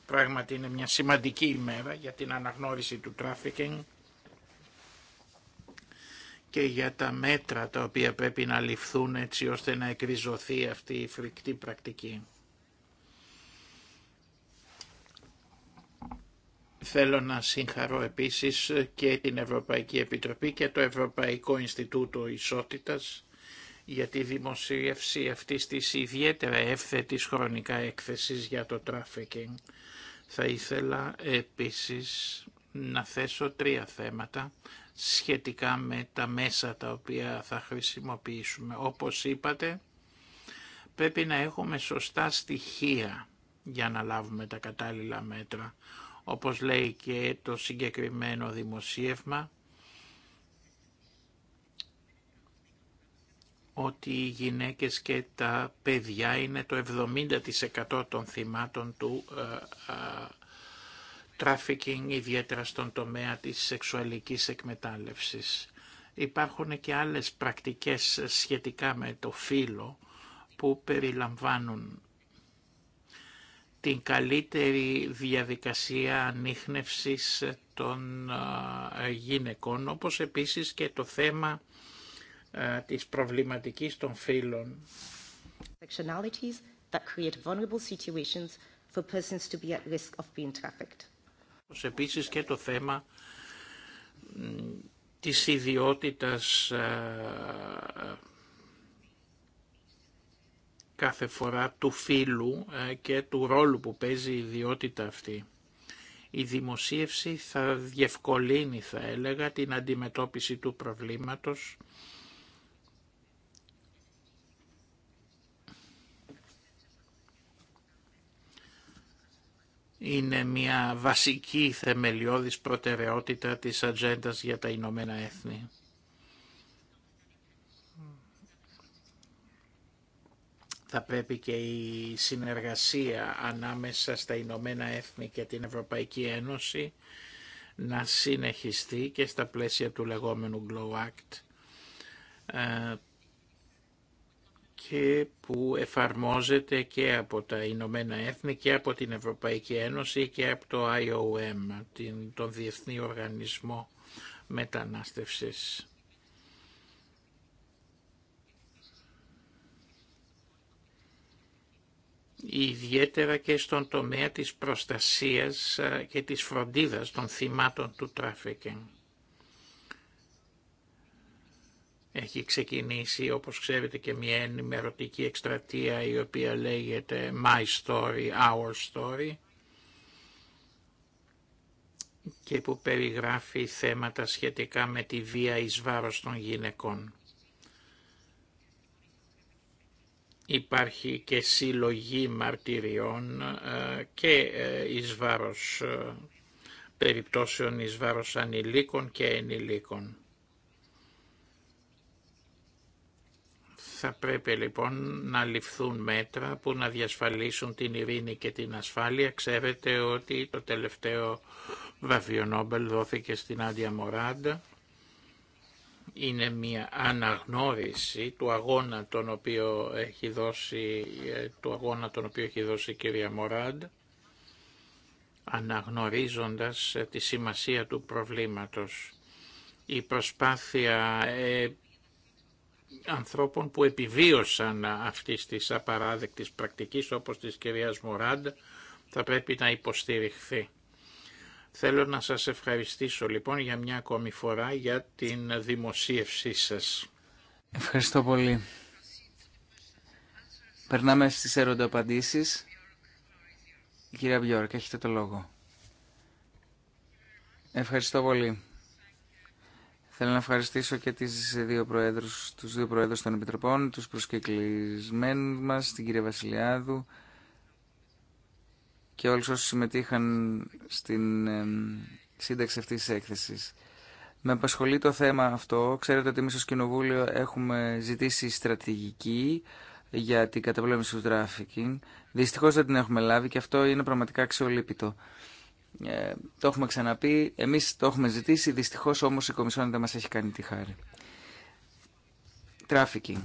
Πράγματι είναι μια σημαντική ημέρα για την αναγνώριση του τράφικινγκ και για τα μέτρα τα οποία πρέπει να ληφθούν έτσι ώστε να εκριζωθεί αυτή η φρικτή πρακτική. Θέλω να συγχαρώ επίσης και την Ευρωπαϊκή Επιτροπή και το Ευρωπαϊκό Ινστιτούτο Ισότητας για τη δημοσίευση αυτής της ιδιαίτερα εύθετης χρονικά έκθεσης για το τράφικινγκ. Θα ήθελα επίσης να θέσω τρία θέματα σχετικά με τα μέσα τα οποία θα χρησιμοποιήσουμε. Όπως είπατε, πρέπει να έχουμε σωστά στοιχεία για να λάβουμε τα κατάλληλα μέτρα. Όπως λέει και το συγκεκριμένο δημοσίευμα, ότι οι γυναίκες και τα παιδιά είναι το 70% των θυμάτων του ε, ε, τράφικινγκ, ιδιαίτερα στον τομέα της σεξουαλικής εκμετάλλευσης. Υπάρχουν και άλλες πρακτικές σχετικά με το φύλλο που περιλαμβάνουν την καλύτερη διαδικασία ανείχνευσης των ε, γυναικών, όπως επίσης και το θέμα της προβληματικής των φύλων. Επίσης και το θέμα της ιδιότητας κάθε φορά του φίλου και του ρόλου που παίζει η ιδιότητα αυτή. Η δημοσίευση θα διευκολύνει, θα έλεγα, την αντιμετώπιση του προβλήματος είναι μια βασική θεμελιώδης προτεραιότητα της ατζέντα για τα Ηνωμένα Έθνη. Θα πρέπει και η συνεργασία ανάμεσα στα Ηνωμένα Έθνη και την Ευρωπαϊκή Ένωση να συνεχιστεί και στα πλαίσια του λεγόμενου Glow Act ε, που εφαρμόζεται και από τα Ηνωμένα Έθνη και από την Ευρωπαϊκή Ένωση και από το IOM, τον Διεθνή Οργανισμό Μετανάστευσης. ιδιαίτερα και στον τομέα της προστασίας ε, και της φροντίδας των θυμάτων του τράφικινγκ. Έχει ξεκινήσει όπως ξέρετε και μια ενημερωτική εκστρατεία η οποία λέγεται My Story, Our Story και που περιγράφει θέματα σχετικά με τη βία εις βάρος των γυναικών. Υπάρχει και συλλογή μαρτυριών ε, και ε, εις βάρος ε, περιπτώσεων εις βάρος ανηλίκων και ενηλίκων. Θα πρέπει λοιπόν να ληφθούν μέτρα που να διασφαλίσουν την ειρήνη και την ασφάλεια. Ξέρετε ότι το τελευταίο βραβείο Νόμπελ δόθηκε στην Άντια Μοράντα. Είναι μια αναγνώριση του αγώνα τον οποίο έχει δώσει, ε, του αγώνα τον οποίο έχει δώσει η κυρία Μοράντα αναγνωρίζοντας ε, τη σημασία του προβλήματος. Η προσπάθεια ε, ανθρώπων που επιβίωσαν αυτής της απαράδεκτης πρακτικής όπως της κυρίας Μοράντ θα πρέπει να υποστηριχθεί. Θέλω να σας ευχαριστήσω λοιπόν για μια ακόμη φορά για την δημοσίευσή σας.
Ευχαριστώ πολύ. Περνάμε στις ερωταπαντήσεις. Κυρία Μπιόρκ, έχετε το λόγο. Ευχαριστώ πολύ. Θέλω να ευχαριστήσω και τις δύο προέδρους, τους δύο προέδρους των Επιτροπών, τους προσκεκλισμένους μας, την κυρία Βασιλιάδου και όλους όσους συμμετείχαν στην σύνταξη αυτής της έκθεσης. Με απασχολεί το θέμα αυτό. Ξέρετε ότι εμείς ως Κοινοβούλιο έχουμε ζητήσει στρατηγική για την καταπολέμηση του τράφικινγκ. Δυστυχώς δεν την έχουμε λάβει και αυτό είναι πραγματικά αξιολύπητο. Ε, το έχουμε ξαναπεί, εμείς το έχουμε ζητήσει, δυστυχώς όμως η Κομισιόν δεν μας έχει κάνει τη χάρη. Τράφικινγκ.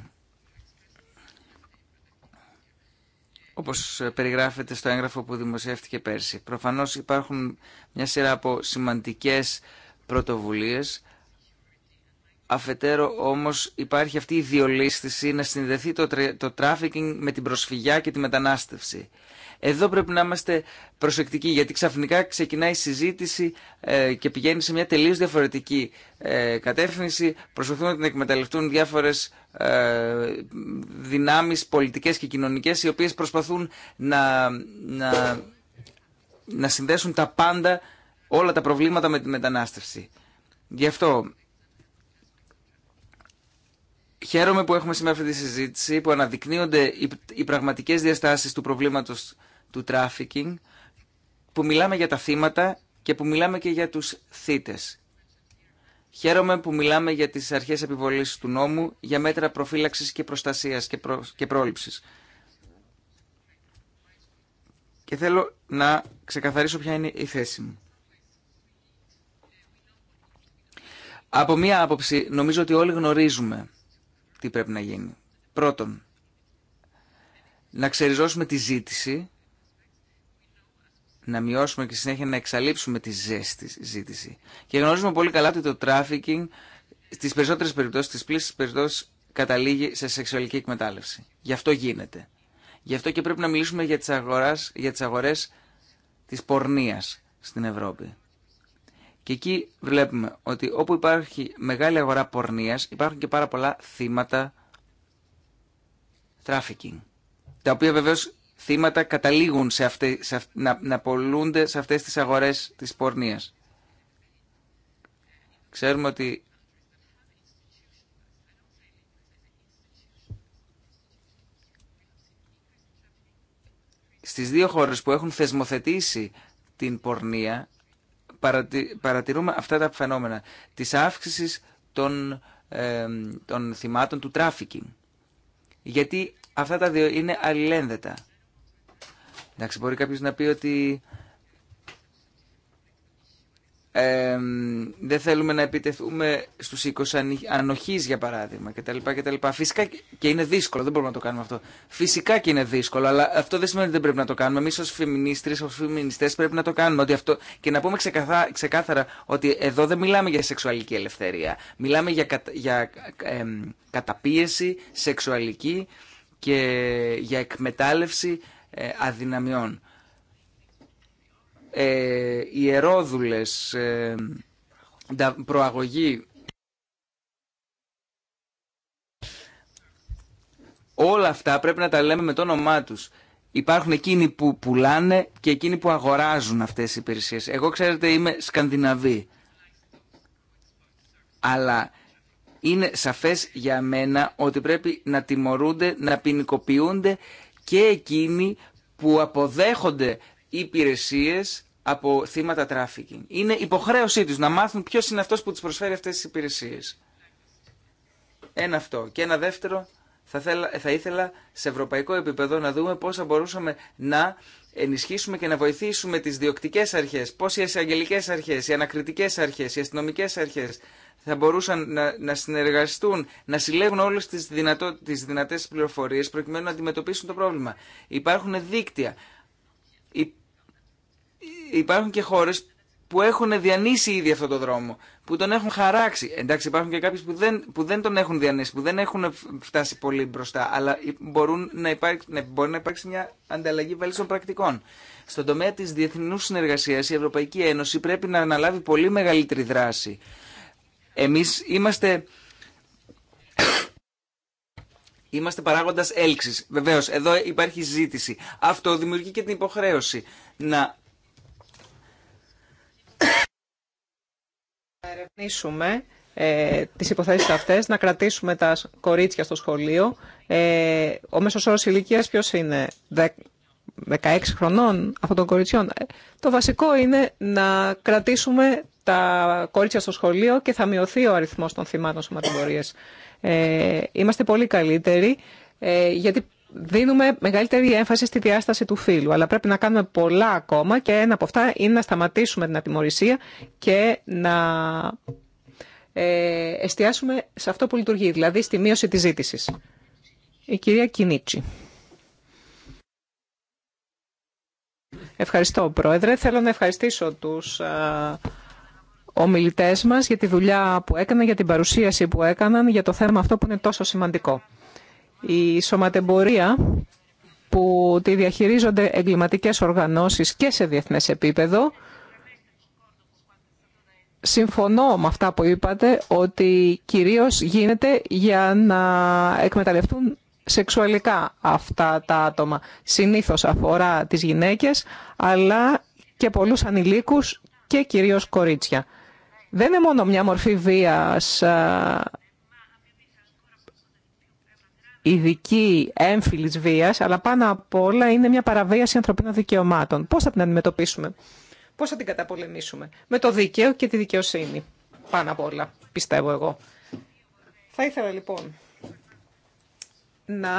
όπως περιγράφεται στο έγγραφο που δημοσιεύτηκε πέρσι. Προφανώς υπάρχουν μια σειρά από σημαντικές πρωτοβουλίες Αφετέρου όμως υπάρχει αυτή η διολίσθηση να συνδεθεί το, το τράφικινγκ με την προσφυγιά και τη μετανάστευση. Εδώ πρέπει να είμαστε προσεκτικοί γιατί ξαφνικά ξεκινάει η συζήτηση ε, και πηγαίνει σε μια τελείως διαφορετική ε, κατεύθυνση. Προσπαθούν να την εκμεταλλευτούν διάφορες ε, δυνάμεις πολιτικές και κοινωνικές οι οποίες προσπαθούν να, να, να συνδέσουν τα πάντα όλα τα προβλήματα με τη μετανάστευση. Γι' αυτό Χαίρομαι που έχουμε σήμερα αυτή τη συζήτηση που αναδεικνύονται οι πραγματικές διαστάσεις του προβλήματος του τράφικινγκ, που μιλάμε για τα θύματα και που μιλάμε και για τους θύτες. Χαίρομαι που μιλάμε για τις αρχές επιβολής του νόμου, για μέτρα προφύλαξης και προστασίας και, προ... και πρόληψης. Και θέλω να ξεκαθαρίσω ποια είναι η θέση μου. Από μία άποψη, νομίζω ότι όλοι γνωρίζουμε τι πρέπει να γίνει. Πρώτον, να ξεριζώσουμε τη ζήτηση, να μειώσουμε και συνέχεια να εξαλείψουμε τη ζέστη ζήτηση. Και γνωρίζουμε πολύ καλά ότι το τράφικινγκ στις περισσότερες περιπτώσεις, στις πλήσεις περιπτώσεις καταλήγει σε σεξουαλική εκμετάλλευση. Γι' αυτό γίνεται. Γι' αυτό και πρέπει να μιλήσουμε για τις, αγοράς, για τις αγορές της πορνείας στην Ευρώπη. Και εκεί βλέπουμε ότι όπου υπάρχει μεγάλη αγορά πορνείας υπάρχουν και πάρα πολλά θύματα τράφικινγκ. Τα οποία βεβαίως θύματα καταλήγουν σε να, να πολλούνται σε αυτές τις αγορές της πορνείας. Ξέρουμε ότι στις δύο χώρες που έχουν θεσμοθετήσει την πορνεία παρατηρούμε αυτά τα φαινόμενα της αύξησης των, των θυμάτων του τράφικινγκ. Γιατί αυτά τα δύο είναι αλληλένδετα. Εντάξει, μπορεί κάποιος να πει ότι δεν θέλουμε να επιτεθούμε στους 20 ανοχής για παράδειγμα κτλ, Φυσικά και είναι δύσκολο, δεν μπορούμε να το κάνουμε αυτό. Φυσικά και είναι δύσκολο, αλλά αυτό δεν σημαίνει ότι δεν πρέπει να το κάνουμε. Εμείς ως φεμινίστρες, ως φεμινιστές πρέπει να το κάνουμε. Ότι αυτό... Και να πούμε ξεκάθαρα ότι εδώ δεν μιλάμε για σεξουαλική ελευθερία. Μιλάμε για, για καταπίεση σεξουαλική και για εκμετάλλευση ε, αδυναμιών ε, ιερόδουλες, ε, προαγωγή. Όλα αυτά πρέπει να τα λέμε με το όνομά τους. Υπάρχουν εκείνοι που πουλάνε και εκείνοι που αγοράζουν αυτές οι υπηρεσίες. Εγώ ξέρετε είμαι Σκανδιναβή. Αλλά είναι σαφές για μένα ότι πρέπει να τιμωρούνται, να ποινικοποιούνται και εκείνοι που αποδέχονται υπηρεσίες από θύματα τράφικινγκ. Είναι υποχρέωσή τους να μάθουν ποιος είναι αυτός που τους προσφέρει αυτές τις υπηρεσίες. Ένα αυτό. Και ένα δεύτερο, θα, θέλα, θα ήθελα σε ευρωπαϊκό επίπεδο να δούμε πώς θα μπορούσαμε να ενισχύσουμε και να βοηθήσουμε τις διοκτικές αρχές, πώς οι εισαγγελικές αρχές, οι ανακριτικές αρχές, οι αστυνομικές αρχές θα μπορούσαν να, να συνεργαστούν, να συλλέγουν όλες τις, δυνατό, τις δυνατές πληροφορίες προκειμένου να αντιμετωπίσουν το πρόβλημα. Υπάρχουν δίκτυα, υπάρχουν και χώρε που έχουν διανύσει ήδη αυτό το δρόμο, που τον έχουν χαράξει. Εντάξει, υπάρχουν και κάποιοι που δεν, που δεν τον έχουν διανύσει, που δεν έχουν φτάσει πολύ μπροστά, αλλά μπορούν να υπάρξει, μπορεί να υπάρξει μια ανταλλαγή βέλτιστων πρακτικών. Στον τομέα της διεθνούς συνεργασίας, η Ευρωπαϊκή Ένωση πρέπει να αναλάβει πολύ μεγαλύτερη δράση. Εμείς είμαστε... Είμαστε παράγοντα έλξη. Βεβαίω, εδώ υπάρχει ζήτηση. Αυτό
δημιουργεί και την υποχρέωση να ερευνήσουμε ε, τις υποθέσεις αυτές, να κρατήσουμε τα κορίτσια στο σχολείο. Ε, ο μέσος όρος ηλικίας ποιος είναι, 16 χρονών αυτών των κοριτσιών. Ε, το βασικό είναι να κρατήσουμε τα κορίτσια στο σχολείο και θα μειωθεί ο αριθμός των θυμάτων σωματιμπορίες. Ε, είμαστε πολύ καλύτεροι, ε, γιατί δίνουμε μεγαλύτερη έμφαση στη διάσταση του φύλου, αλλά πρέπει να κάνουμε πολλά ακόμα και ένα από αυτά είναι να σταματήσουμε την ατιμορρησία και να ε, εστιάσουμε σε αυτό που λειτουργεί, δηλαδή στη μείωση της ζήτησης. Η κυρία Κινίτσι. Ευχαριστώ, Πρόεδρε. Θέλω να ευχαριστήσω τους α, ε, ομιλητές μας για τη δουλειά που έκαναν, για την παρουσίαση που έκαναν, για το θέμα αυτό που είναι τόσο σημαντικό η σωματεμπορία που τη διαχειρίζονται εγκληματικές οργανώσεις και σε διεθνές επίπεδο. Συμφωνώ με αυτά που είπατε ότι κυρίως γίνεται για να εκμεταλλευτούν σεξουαλικά αυτά τα άτομα. Συνήθως αφορά τις γυναίκες, αλλά και πολλούς ανηλίκους και κυρίως κορίτσια. Δεν είναι μόνο μια μορφή βίας ειδική έμφυλη βία, αλλά πάνω απ' όλα είναι μια παραβίαση ανθρωπίνων δικαιωμάτων. Πώ θα την αντιμετωπίσουμε, πώ θα την καταπολεμήσουμε, με το δίκαιο και τη δικαιοσύνη. Πάνω απ' όλα, πιστεύω εγώ. Θα ήθελα λοιπόν να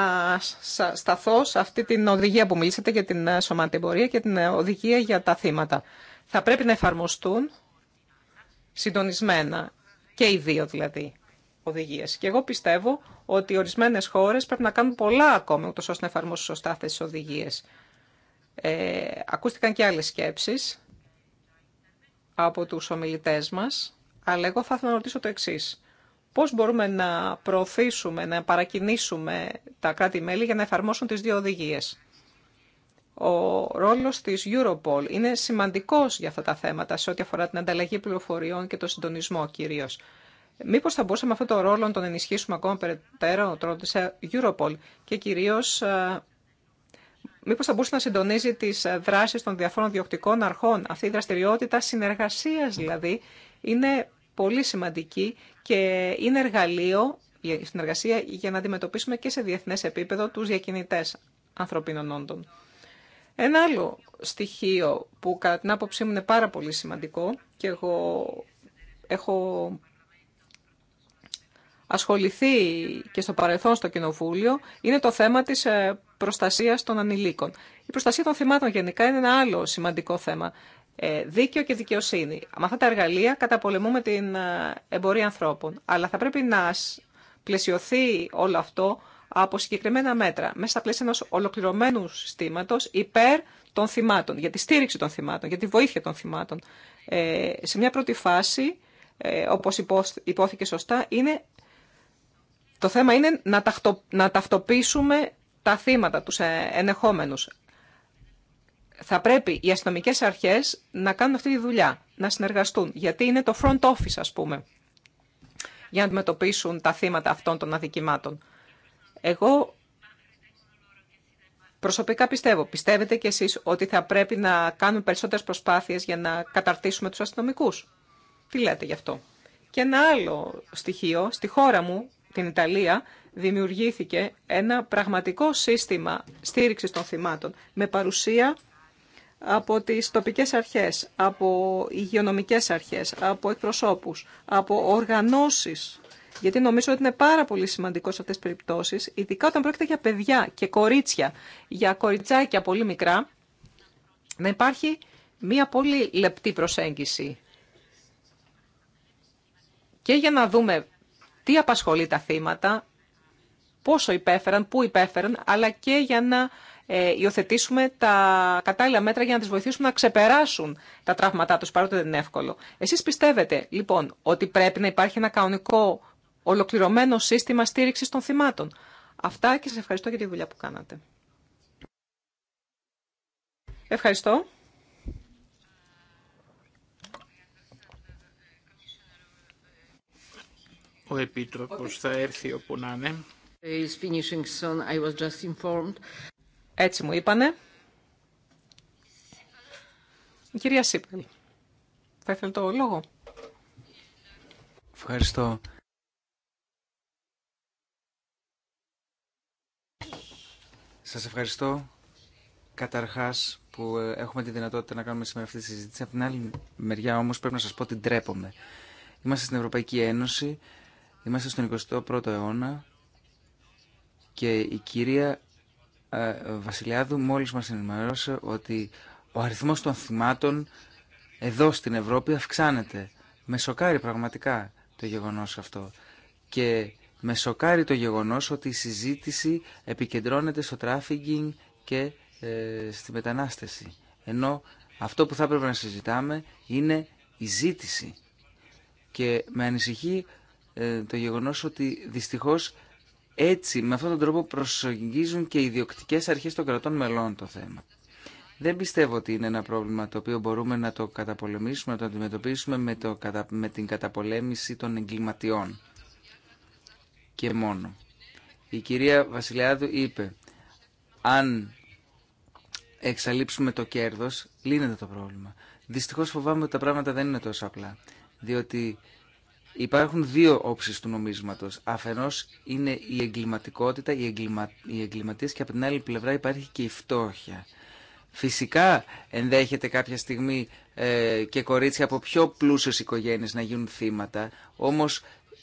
σταθώ σε αυτή την οδηγία που μιλήσατε για την ε, σωματεμπορία και την ε, οδηγία για τα θύματα. Θα πρέπει να εφαρμοστούν συντονισμένα και οι δύο δηλαδή οδηγίες. Και εγώ πιστεύω ότι ορισμένες χώρες πρέπει να κάνουν πολλά ακόμη, ούτως ώστε να εφαρμόσουν σωστά αυτές τις οδηγίες. Ε, ακούστηκαν και άλλες σκέψεις από τους ομιλητές μας, αλλά εγώ θα ήθελα να ρωτήσω το εξή. Πώς μπορούμε να προωθήσουμε, να παρακινήσουμε τα κράτη-μέλη για να εφαρμόσουν τις δύο οδηγίες. Ο ρόλος της Europol είναι σημαντικός για αυτά τα θέματα σε ό,τι αφορά την ανταλλαγή πληροφοριών και το συντονισμό κυρίως. Μήπως θα μπορούσαμε αυτό το ρόλο να τον ενισχύσουμε ακόμα περαιτέρω, τρόπος της ε, Europol και κυρίως ε, μήπως θα μπορούσε να συντονίζει τις ε, δράσεις των διαφόρων διοκτικών αρχών. Αυτή η δραστηριότητα συνεργασίας δηλαδή είναι πολύ σημαντική και είναι εργαλείο για συνεργασία για να αντιμετωπίσουμε και σε διεθνές επίπεδο τους διακινητές ανθρωπίνων όντων. Ένα άλλο στοιχείο που κατά την άποψή μου είναι πάρα πολύ σημαντικό και εγώ έχω ασχοληθεί και στο παρελθόν στο Κοινοβούλιο είναι το θέμα της ε, προστασίας των ανηλίκων. Η προστασία των θυμάτων γενικά είναι ένα άλλο σημαντικό θέμα. Ε, δίκαιο και δικαιοσύνη. Με αυτά τα εργαλεία καταπολεμούμε την ε, εμπορία ανθρώπων. Αλλά θα πρέπει να πλαισιωθεί όλο αυτό από συγκεκριμένα μέτρα, μέσα στα πλαίσια ενός ολοκληρωμένου συστήματο υπέρ των θυμάτων, για τη στήριξη των θυμάτων, για τη βοήθεια των θυμάτων. Ε, σε μια πρώτη φάση, ε, όπω υπόθηκε σωστά, είναι το θέμα είναι να, ταυτο, να ταυτοποιήσουμε τα θύματα, τους ε, ενεχόμενους. Θα πρέπει οι αστυνομικέ αρχές να κάνουν αυτή τη δουλειά, να συνεργαστούν, γιατί είναι το front office, ας πούμε, για να αντιμετωπίσουν τα θύματα αυτών των αδικημάτων. Εγώ προσωπικά πιστεύω, πιστεύετε κι εσείς ότι θα πρέπει να κάνουν περισσότερες προσπάθειες για να καταρτήσουμε τους αστυνομικούς. Τι λέτε γι' αυτό. Και ένα άλλο στοιχείο, στη χώρα μου την Ιταλία δημιουργήθηκε ένα πραγματικό σύστημα στήριξης των θυμάτων με παρουσία από τις τοπικές αρχές, από υγειονομικές αρχές, από εκπροσώπους, από οργανώσεις. Γιατί νομίζω ότι είναι πάρα πολύ σημαντικό σε αυτές τις περιπτώσεις, ειδικά όταν πρόκειται για παιδιά και κορίτσια, για κοριτσάκια πολύ μικρά, να υπάρχει μία πολύ λεπτή προσέγγιση. Και για να δούμε τι απασχολεί τα θύματα, πόσο υπέφεραν, πού υπέφεραν, αλλά και για να ε, υιοθετήσουμε τα κατάλληλα μέτρα για να τις βοηθήσουμε να ξεπεράσουν τα τραύματά τους, παρότι δεν είναι εύκολο. Εσείς πιστεύετε, λοιπόν, ότι πρέπει να υπάρχει ένα κανονικό, ολοκληρωμένο σύστημα στήριξης των θυμάτων. Αυτά και σας ευχαριστώ για τη δουλειά που κάνατε. Ευχαριστώ. Ο
Επίτροπος θα έρθει όπου να είναι.
Έτσι μου είπανε. Η κυρία Σίπελ, θα ήθελε το λόγο.
Ευχαριστώ. Σας ευχαριστώ καταρχάς που ε, έχουμε τη δυνατότητα να κάνουμε σήμερα αυτή τη συζήτηση. Από την άλλη μεριά όμως πρέπει να σας πω ότι ντρέπομαι. Είμαστε στην Ευρωπαϊκή Ένωση, Είμαστε στον 21ο αιώνα και η κυρία ε, Βασιλιάδου μόλις μας ενημερώσε ότι ο αριθμός των θυμάτων εδώ στην Ευρώπη αυξάνεται. Με σοκάρει πραγματικά το γεγονός αυτό. Και με σοκάρει το γεγονός ότι η συζήτηση επικεντρώνεται στο τράφικινγκ και ε, στη μετανάστευση. Ενώ αυτό που θα έπρεπε να συζητάμε είναι η ζήτηση. Και με ανησυχεί ε, το γεγονός ότι δυστυχώς έτσι με αυτόν τον τρόπο προσεγγίζουν και οι ιδιοκτικές αρχές των κρατών μελών το θέμα. Δεν πιστεύω ότι είναι ένα πρόβλημα το οποίο μπορούμε να το καταπολεμήσουμε, να το αντιμετωπίσουμε με, το, με την καταπολέμηση των εγκληματιών. Και μόνο. Η κυρία Βασιλιάδου είπε, αν εξαλείψουμε το κέρδος, λύνεται το πρόβλημα. Δυστυχώς φοβάμαι ότι τα πράγματα δεν είναι τόσο απλά. Διότι Υπάρχουν δύο όψει του νομίσματος. Αφενό είναι η εγκληματικότητα, οι, εγκλημα... οι εγκληματίες και από την άλλη πλευρά υπάρχει και η φτώχεια. Φυσικά ενδέχεται κάποια στιγμή ε, και κορίτσια από πιο πλούσιε οικογένειε να γίνουν θύματα, Όμω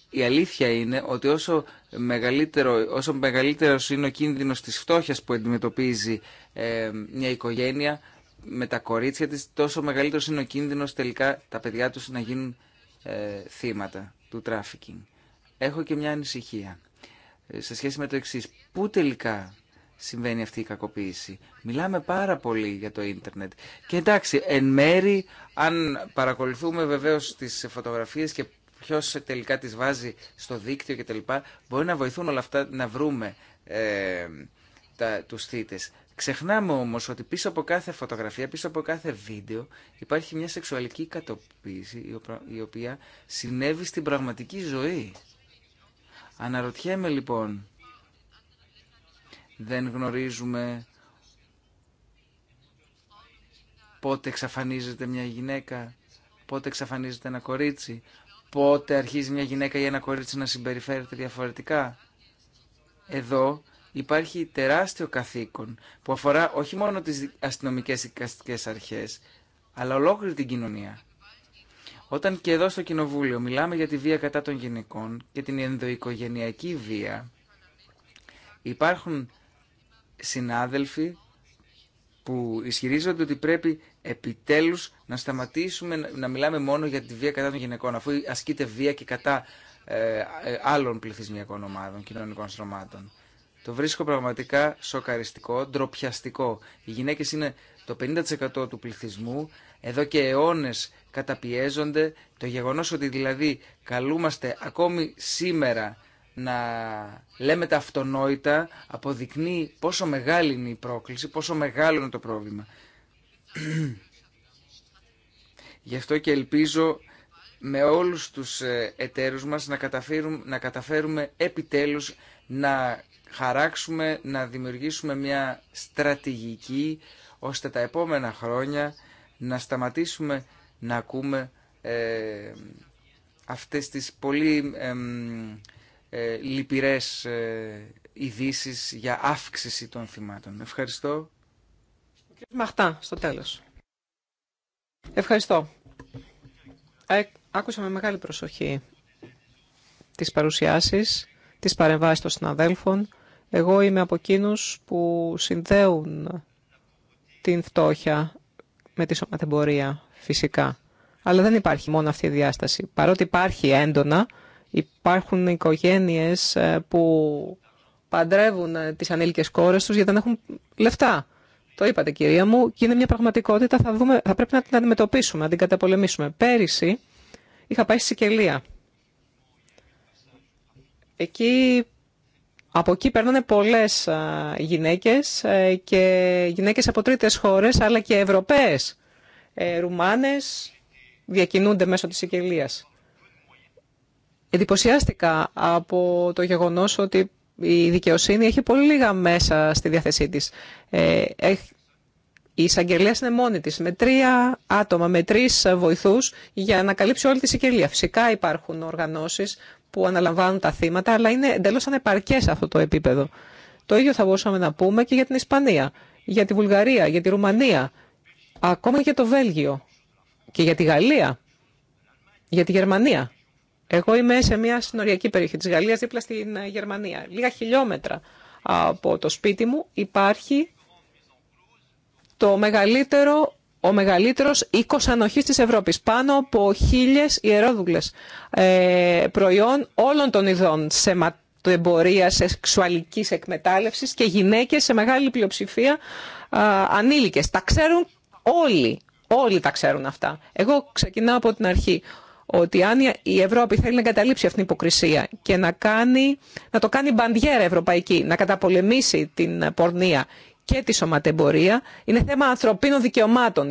η αλήθεια είναι ότι όσο, μεγαλύτερο, όσο μεγαλύτερος είναι ο κίνδυνο τη φτώχεια που αντιμετωπίζει ε, μια οικογένεια με τα κορίτσια τη τόσο μεγαλύτερο είναι ο κίνδυνο, τελικά τα παιδιά του να γίνουν ε, θύματα του τράφικινγκ. Έχω και μια ανησυχία ε, σε σχέση με το εξή. Πού τελικά συμβαίνει αυτή η κακοποίηση. Μιλάμε πάρα πολύ για το ίντερνετ. Και εντάξει, εν μέρη, αν παρακολουθούμε βεβαίως τις φωτογραφίες και ποιο τελικά τις βάζει στο δίκτυο κτλ. Μπορεί να βοηθούν όλα αυτά να βρούμε ε, τα, τους Ξεχνάμε όμως ότι πίσω από κάθε φωτογραφία, πίσω από κάθε βίντεο υπάρχει μια σεξουαλική κατοποίηση η οποία συνέβη στην πραγματική ζωή. Αναρωτιέμαι λοιπόν, δεν γνωρίζουμε πότε εξαφανίζεται μια γυναίκα, πότε εξαφανίζεται ένα κορίτσι, πότε αρχίζει μια γυναίκα ή ένα κορίτσι να συμπεριφέρεται διαφορετικά. Εδώ υπάρχει τεράστιο καθήκον που αφορά όχι μόνο τις αστυνομικές δικαστικές αρχές, αλλά ολόκληρη την κοινωνία. Όταν και εδώ στο Κοινοβούλιο μιλάμε για τη βία κατά των γυναικών και την ενδοοικογενειακή βία, υπάρχουν συνάδελφοι που ισχυρίζονται ότι πρέπει επιτέλους να σταματήσουμε να μιλάμε μόνο για τη βία κατά των γυναικών, αφού ασκείται βία και κατά ε, ε, άλλων πληθυσμιακών ομάδων, κοινωνικών στρωμάτων. Το βρίσκω πραγματικά σοκαριστικό, ντροπιαστικό. Οι γυναίκες είναι το 50% του πληθυσμού, εδώ και αιώνες καταπιέζονται. Το γεγονός ότι δηλαδή καλούμαστε ακόμη σήμερα να λέμε τα αυτονόητα αποδεικνύει πόσο μεγάλη είναι η πρόκληση, πόσο μεγάλο είναι το πρόβλημα. Γι' αυτό και ελπίζω με όλους τους ε, εταίρους μας να καταφέρουμε, να καταφέρουμε επιτέλους να χαράξουμε, να δημιουργήσουμε μια στρατηγική ώστε τα επόμενα χρόνια να σταματήσουμε να ακούμε ε, αυτές τις πολύ ε, ε, λυπηρές ε, ειδήσει για αύξηση των θυμάτων. Ευχαριστώ.
Μαχτά, στο τέλος. Ευχαριστώ. Ε, άκουσα με μεγάλη προσοχή τις παρουσιάσεις, τις παρεμβάσεις των συναδέλφων. Εγώ είμαι από εκείνου που συνδέουν την φτώχεια με τη σωματεμπορία φυσικά. Αλλά δεν υπάρχει μόνο αυτή η διάσταση. Παρότι υπάρχει έντονα, υπάρχουν οικογένειες ε, που παντρεύουν ε, τις ανήλικες κόρες τους γιατί δεν έχουν λεφτά. Το είπατε κυρία μου και είναι μια πραγματικότητα, θα, δούμε, θα πρέπει να την αντιμετωπίσουμε, να την καταπολεμήσουμε. Πέρυσι είχα πάει στη Σικελία. Εκεί από εκεί περνάνε πολλές γυναίκες ε, και γυναίκες από τρίτες χώρες, αλλά και Ευρωπαίες. Ε, Ρουμάνες διακινούνται μέσω της Σικελίας. Εντυπωσιάστηκα από το γεγονός ότι η δικαιοσύνη έχει πολύ λίγα μέσα στη διάθεσή της. Ε, η εισαγγελία είναι μόνη τη, με τρία άτομα, με τρει βοηθού για να καλύψει όλη τη συγκελία. Φυσικά υπάρχουν οργανώσει που αναλαμβάνουν τα θύματα, αλλά είναι εντελώ ανεπαρκέ αυτό το επίπεδο. Το ίδιο θα μπορούσαμε να πούμε και για την Ισπανία, για τη Βουλγαρία, για τη Ρουμανία, ακόμα και για το Βέλγιο και για τη Γαλλία, για τη Γερμανία. Εγώ είμαι σε μια συνοριακή περιοχή της Γαλλίας δίπλα στην ε, Γερμανία. Λίγα χιλιόμετρα από το σπίτι μου υπάρχει το μεγαλύτερο, ο μεγαλύτερος οίκος ανοχής της Ευρώπης. Πάνω από χίλιες ιερόδουλες ε, προϊόν όλων των ειδών σε ματεμπορία, σε σεξουαλικής εκμετάλλευσης και γυναίκες σε μεγάλη πλειοψηφία ανήλικες. Τα ξέρουν όλοι. Όλοι τα ξέρουν αυτά. Εγώ ξεκινάω από την αρχή ότι αν η Ευρώπη θέλει να καταλήψει αυτήν την υποκρισία και να, κάνει, να το κάνει μπαντιέρα ευρωπαϊκή, να καταπολεμήσει την πορνεία και τη σωματεμπορία. Είναι θέμα ανθρωπίνων δικαιωμάτων,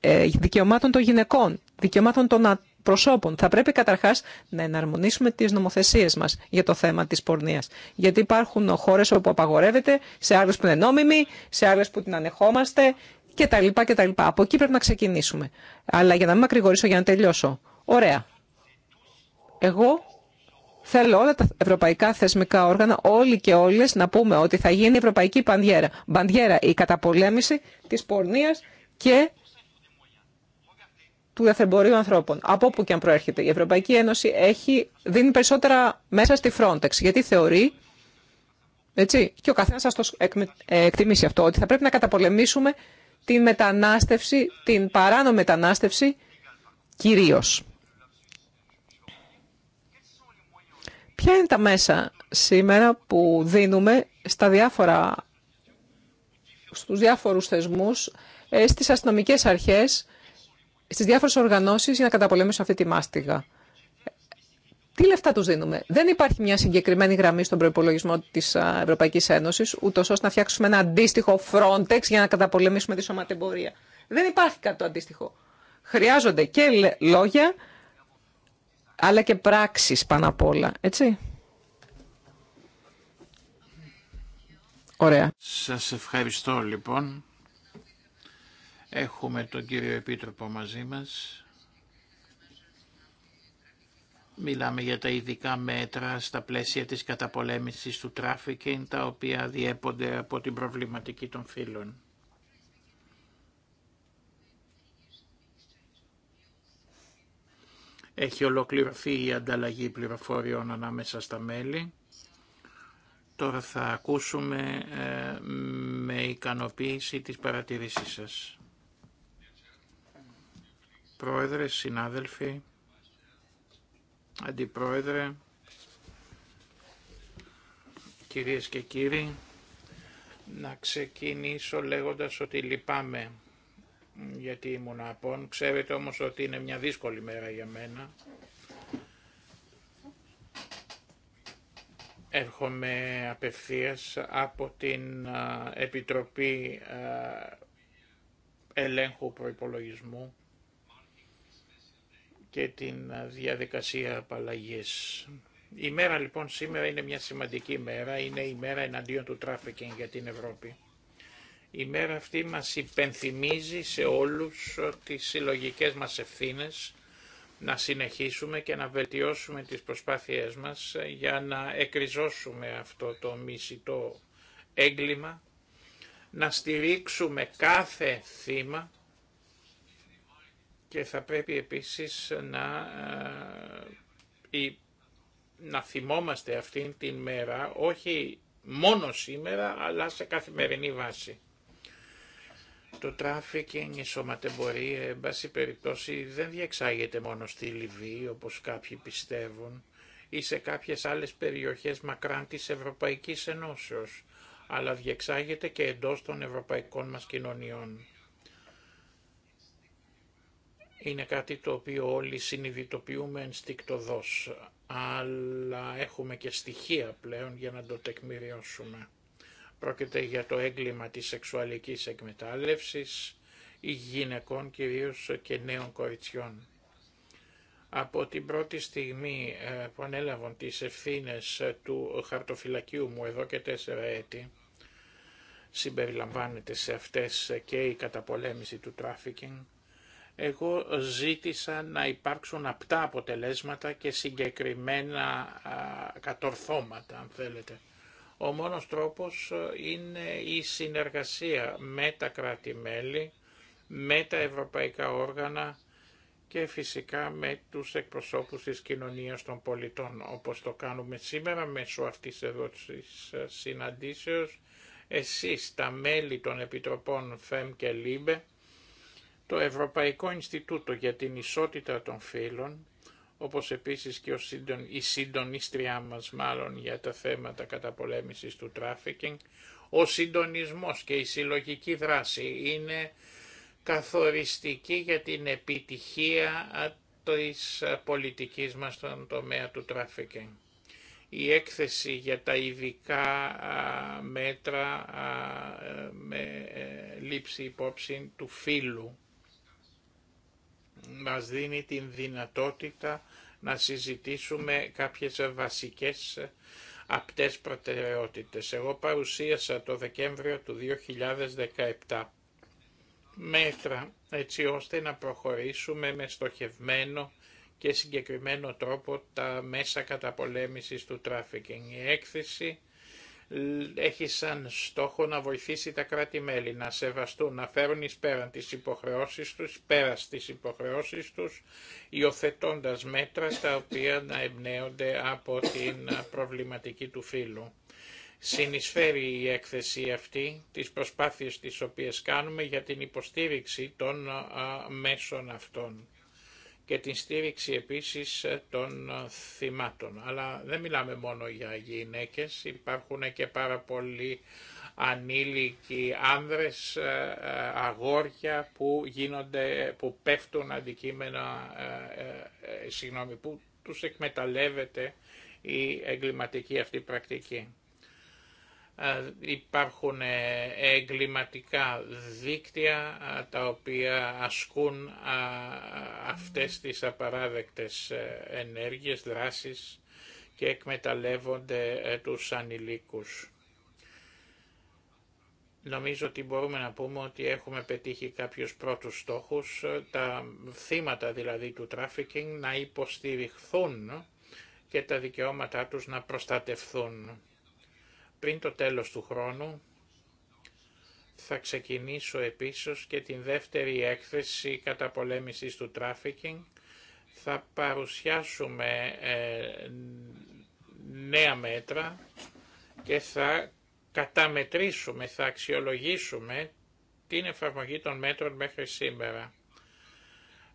ε, δικαιωμάτων των γυναικών, δικαιωμάτων των προσώπων. Θα πρέπει καταρχάς να εναρμονίσουμε τις νομοθεσίες μας για το θέμα της πορνείας. Γιατί υπάρχουν χώρες όπου απαγορεύεται, σε άλλες που είναι νόμιμη, σε άλλες που την ανεχόμαστε κτλ. Από εκεί πρέπει να ξεκινήσουμε. Αλλά για να μην ακρηγορήσω, για να τελειώσω. Ωραία. Εγώ Θέλω όλα τα ευρωπαϊκά θεσμικά όργανα, όλοι και όλες, να πούμε ότι θα γίνει η ευρωπαϊκή πανδιέρα. Πανδιέρα η καταπολέμηση της πορνείας και του εθεμπορίου ανθρώπων. Από όπου και αν προέρχεται. Η Ευρωπαϊκή Ένωση έχει, δίνει περισσότερα μέσα στη Frontex, γιατί θεωρεί έτσι, και ο καθένα θα το εκτιμήσει αυτό, ότι θα πρέπει να καταπολεμήσουμε την μετανάστευση, την παράνομη μετανάστευση κυρίως. Ποια είναι τα μέσα σήμερα που δίνουμε στα διάφορα, στους διάφορους θεσμούς, ε, στις αστυνομικές αρχές, στις διάφορες οργανώσεις για να καταπολέμησουν αυτή τη μάστιγα. Τι λεφτά τους δίνουμε. Δεν υπάρχει μια συγκεκριμένη γραμμή στον προϋπολογισμό της Ευρωπαϊκής Ένωσης, ούτως ώστε να φτιάξουμε ένα αντίστοιχο Frontex για να καταπολεμήσουμε τη σωματεμπορία. Δεν υπάρχει κάτι το αντίστοιχο. Χρειάζονται και λόγια αλλά και πράξεις πάνω απ' όλα, έτσι. Ωραία.
Σας ευχαριστώ λοιπόν. Έχουμε τον κύριο Επίτροπο μαζί μας. Μιλάμε για τα ειδικά μέτρα στα πλαίσια της καταπολέμησης του τράφικινγκ, τα οποία διέπονται από την προβληματική των φύλων. Έχει ολοκληρωθεί η ανταλλαγή πληροφοριών ανάμεσα στα μέλη. Τώρα θα ακούσουμε ε, με ικανοποίηση τις παρατηρήσεις σας. Πρόεδρε, συνάδελφοι, αντιπρόεδρε, κυρίες και κύριοι, να ξεκινήσω λέγοντας ότι λυπάμαι γιατί ήμουν απόν. Ξέρετε όμως ότι είναι μια δύσκολη μέρα για μένα. Έρχομαι απευθείας από την Επιτροπή Ελέγχου Προϋπολογισμού και την διαδικασία απαλλαγής. Η μέρα λοιπόν σήμερα είναι μια σημαντική μέρα, είναι η μέρα εναντίον του τράφικινγκ για την Ευρώπη. Η μέρα αυτή μας υπενθυμίζει σε όλους ε, τις συλλογικέ μας ευθύνες να συνεχίσουμε και να βελτιώσουμε τις προσπάθειές μας ε, για να εκριζώσουμε αυτό το μισητό έγκλημα, να στηρίξουμε κάθε θύμα και θα πρέπει επίσης να, ε, να θυμόμαστε αυτήν την μέρα, όχι μόνο σήμερα, αλλά σε καθημερινή βάση. Το τράφικινγκ, η σωματεμπορία, εν πάση περιπτώσει, δεν διεξάγεται μόνο στη Λιβύη, όπως κάποιοι πιστεύουν, ή σε κάποιες άλλες περιοχές μακράν της Ευρωπαϊκής Ενώσεως, αλλά διεξάγεται και εντός των ευρωπαϊκών μας κοινωνιών. Είναι κάτι το οποίο όλοι συνειδητοποιούμε ενστικτοδός, αλλά έχουμε και στοιχεία πλέον για να το τεκμηριώσουμε. Πρόκειται για το έγκλημα της σεξουαλικής εκμετάλλευσης γυναικών κυρίως και νέων κοριτσιών. Από την πρώτη στιγμή ε, που ανέλαβαν τις ευθύνες ε, του χαρτοφυλακίου μου εδώ και τέσσερα έτη, συμπεριλαμβάνεται σε αυτές ε, και η καταπολέμηση του τράφικινγκ, εγώ ζήτησα να υπάρξουν απτά αποτελέσματα και συγκεκριμένα κατορθώματα, αν θέλετε. Ο μόνος τρόπος ε, είναι η συνεργασία με τα κράτη-μέλη, με τα ευρωπαϊκά όργανα και φυσικά με τους εκπροσώπους της κοινωνίας των πολιτών, όπως το κάνουμε σήμερα μέσω αυτής εδώ της ε, συναντήσεως. Εσείς, τα μέλη των Επιτροπών ΦΕΜ και ΛΥΜΠΕ, το Ευρωπαϊκό Ινστιτούτο για την Ισότητα των Φύλων, όπως επίσης και η συντονίστριά μας μάλλον για τα θέματα καταπολέμησης του τράφικινγκ, ο συντονισμός και η συλλογική δράση είναι καθοριστική για την επιτυχία της πολιτικής μας στον τομέα του τράφικινγκ. Η έκθεση για τα ειδικά μέτρα με ε, λήψη υπόψη του φύλου μας δίνει την δυνατότητα να συζητήσουμε κάποιες βασικές ε, απτές προτεραιότητες. Εγώ παρουσίασα το Δεκέμβριο του 2017 μέτρα έτσι ώστε να προχωρήσουμε με στοχευμένο και συγκεκριμένο τρόπο τα μέσα καταπολέμησης του τράφικινγκ. Η έκθεση ε, έχει σαν στόχο να βοηθήσει τα κράτη-μέλη να σεβαστούν, να φέρουν εις πέραν τις υποχρεώσεις τους, πέρα στις υποχρεώσεις τους, υιοθετώντα μέτρα τα οποία να εμπνέονται από την προβληματική του φύλου. Συνεισφέρει η έκθεση αυτή τις προσπάθειες τις οποίες κάνουμε για την υποστήριξη των μέσων αυτών και την στήριξη επίσης ε, των ε, θυμάτων. Αλλά δεν μιλάμε μόνο για γυναίκες, υπάρχουν και πάρα πολλοί ανήλικοι άνδρες, ε, αγόρια που γίνονται, που πέφτουν αντικείμενα, συγγνώμη, που τους εκμεταλλεύεται η εγκληματική αυτή πρακτική. Ε, υπάρχουν ε, εγκληματικά δίκτυα ε, τα οποία ασκούν αυτές τις απαράδεκτες ενέργειες, δράσεις και εκμεταλλεύονται τους ανηλίκους. Νομίζω ότι μπορούμε να πούμε ότι έχουμε πετύχει κάποιους πρώτους στόχους, τα θύματα δηλαδή του τράφικινγκ να υποστηριχθούν και τα δικαιώματά τους να προστατευθούν. Πριν το τέλος του χρόνου θα ξεκινήσω επίσης και την δεύτερη έκθεση καταπολέμησης του τράφικινγκ. Θα παρουσιάσουμε ε, νέα μέτρα και θα καταμετρήσουμε, θα αξιολογήσουμε την εφαρμογή των μέτρων μέχρι σήμερα.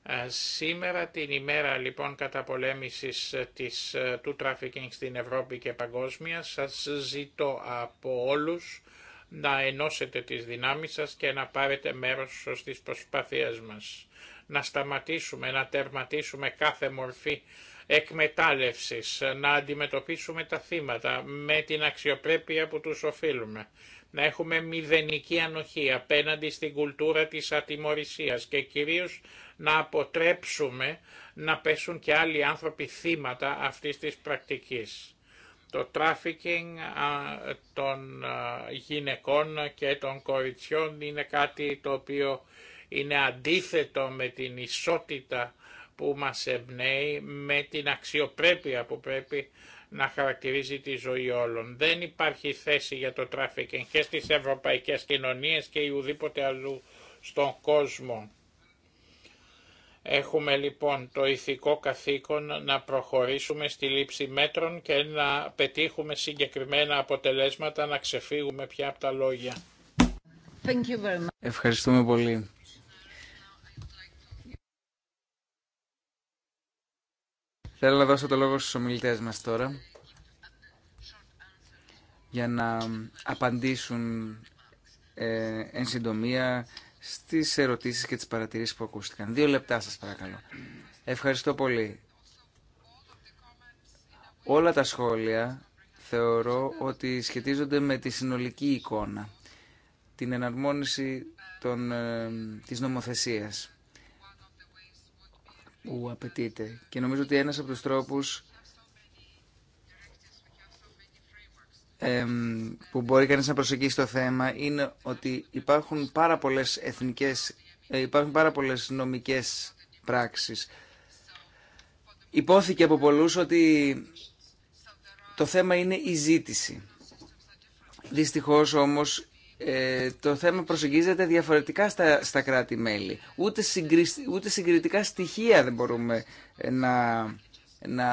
Ε, σήμερα την ημέρα λοιπόν καταπολέμησης ε, της, ε, του τράφικινγκ στην Ευρώπη και παγκόσμια σας ζητώ από όλους να ενώσετε τις δυνάμεις σας και να πάρετε μέρος στις προσπάθειές μας. Να σταματήσουμε, να τερματίσουμε κάθε μορφή εκμετάλλευσης, να αντιμετωπίσουμε τα θύματα με την αξιοπρέπεια που τους οφείλουμε. Να έχουμε μηδενική ανοχή απέναντι στην κουλτούρα της ατιμορρησίας και κυρίως να αποτρέψουμε να πέσουν και άλλοι άνθρωποι θύματα αυτής της πρακτικής. Το τράφικινγκ των γυναικών και των κοριτσιών είναι κάτι το οποίο είναι αντίθετο με την ισότητα που μας εμπνέει, με την αξιοπρέπεια που πρέπει να χαρακτηρίζει τη ζωή όλων. Δεν υπάρχει θέση για το τράφικινγκ και στις ευρωπαϊκές κοινωνίες και ουδήποτε αλλού στον κόσμο. Έχουμε λοιπόν το ηθικό καθήκον να προχωρήσουμε στη λήψη μέτρων και να πετύχουμε συγκεκριμένα αποτελέσματα, να ξεφύγουμε πια από τα λόγια.
Ευχαριστούμε πολύ. Θέλω να δώσω το λόγο στους ομιλητές μας τώρα για να απαντήσουν ε, εν συντομία στις ερωτήσει και τι παρατηρήσει που ακούστηκαν. Δύο λεπτά σας παρακαλώ. Ευχαριστώ πολύ. Όλα τα σχόλια θεωρώ ότι σχετίζονται με τη συνολική εικόνα, την εναρμόνιση των, ε, της νομοθεσίας που απαιτείται. Και νομίζω ότι ένας από τους τρόπους που μπορεί κανείς να προσεγγίσει το θέμα είναι ότι υπάρχουν πάρα πολλές εθνικές, ε, υπάρχουν πάρα πολλές νομικές πράξεις. Υπόθηκε από πολλούς ότι το θέμα είναι η ζήτηση. Δυστυχώς όμως ε, το θέμα προσεγγίζεται διαφορετικά στα, στα κράτη-μέλη. Ούτε, ούτε συγκριτικά στοιχεία δεν μπορούμε ε, να, να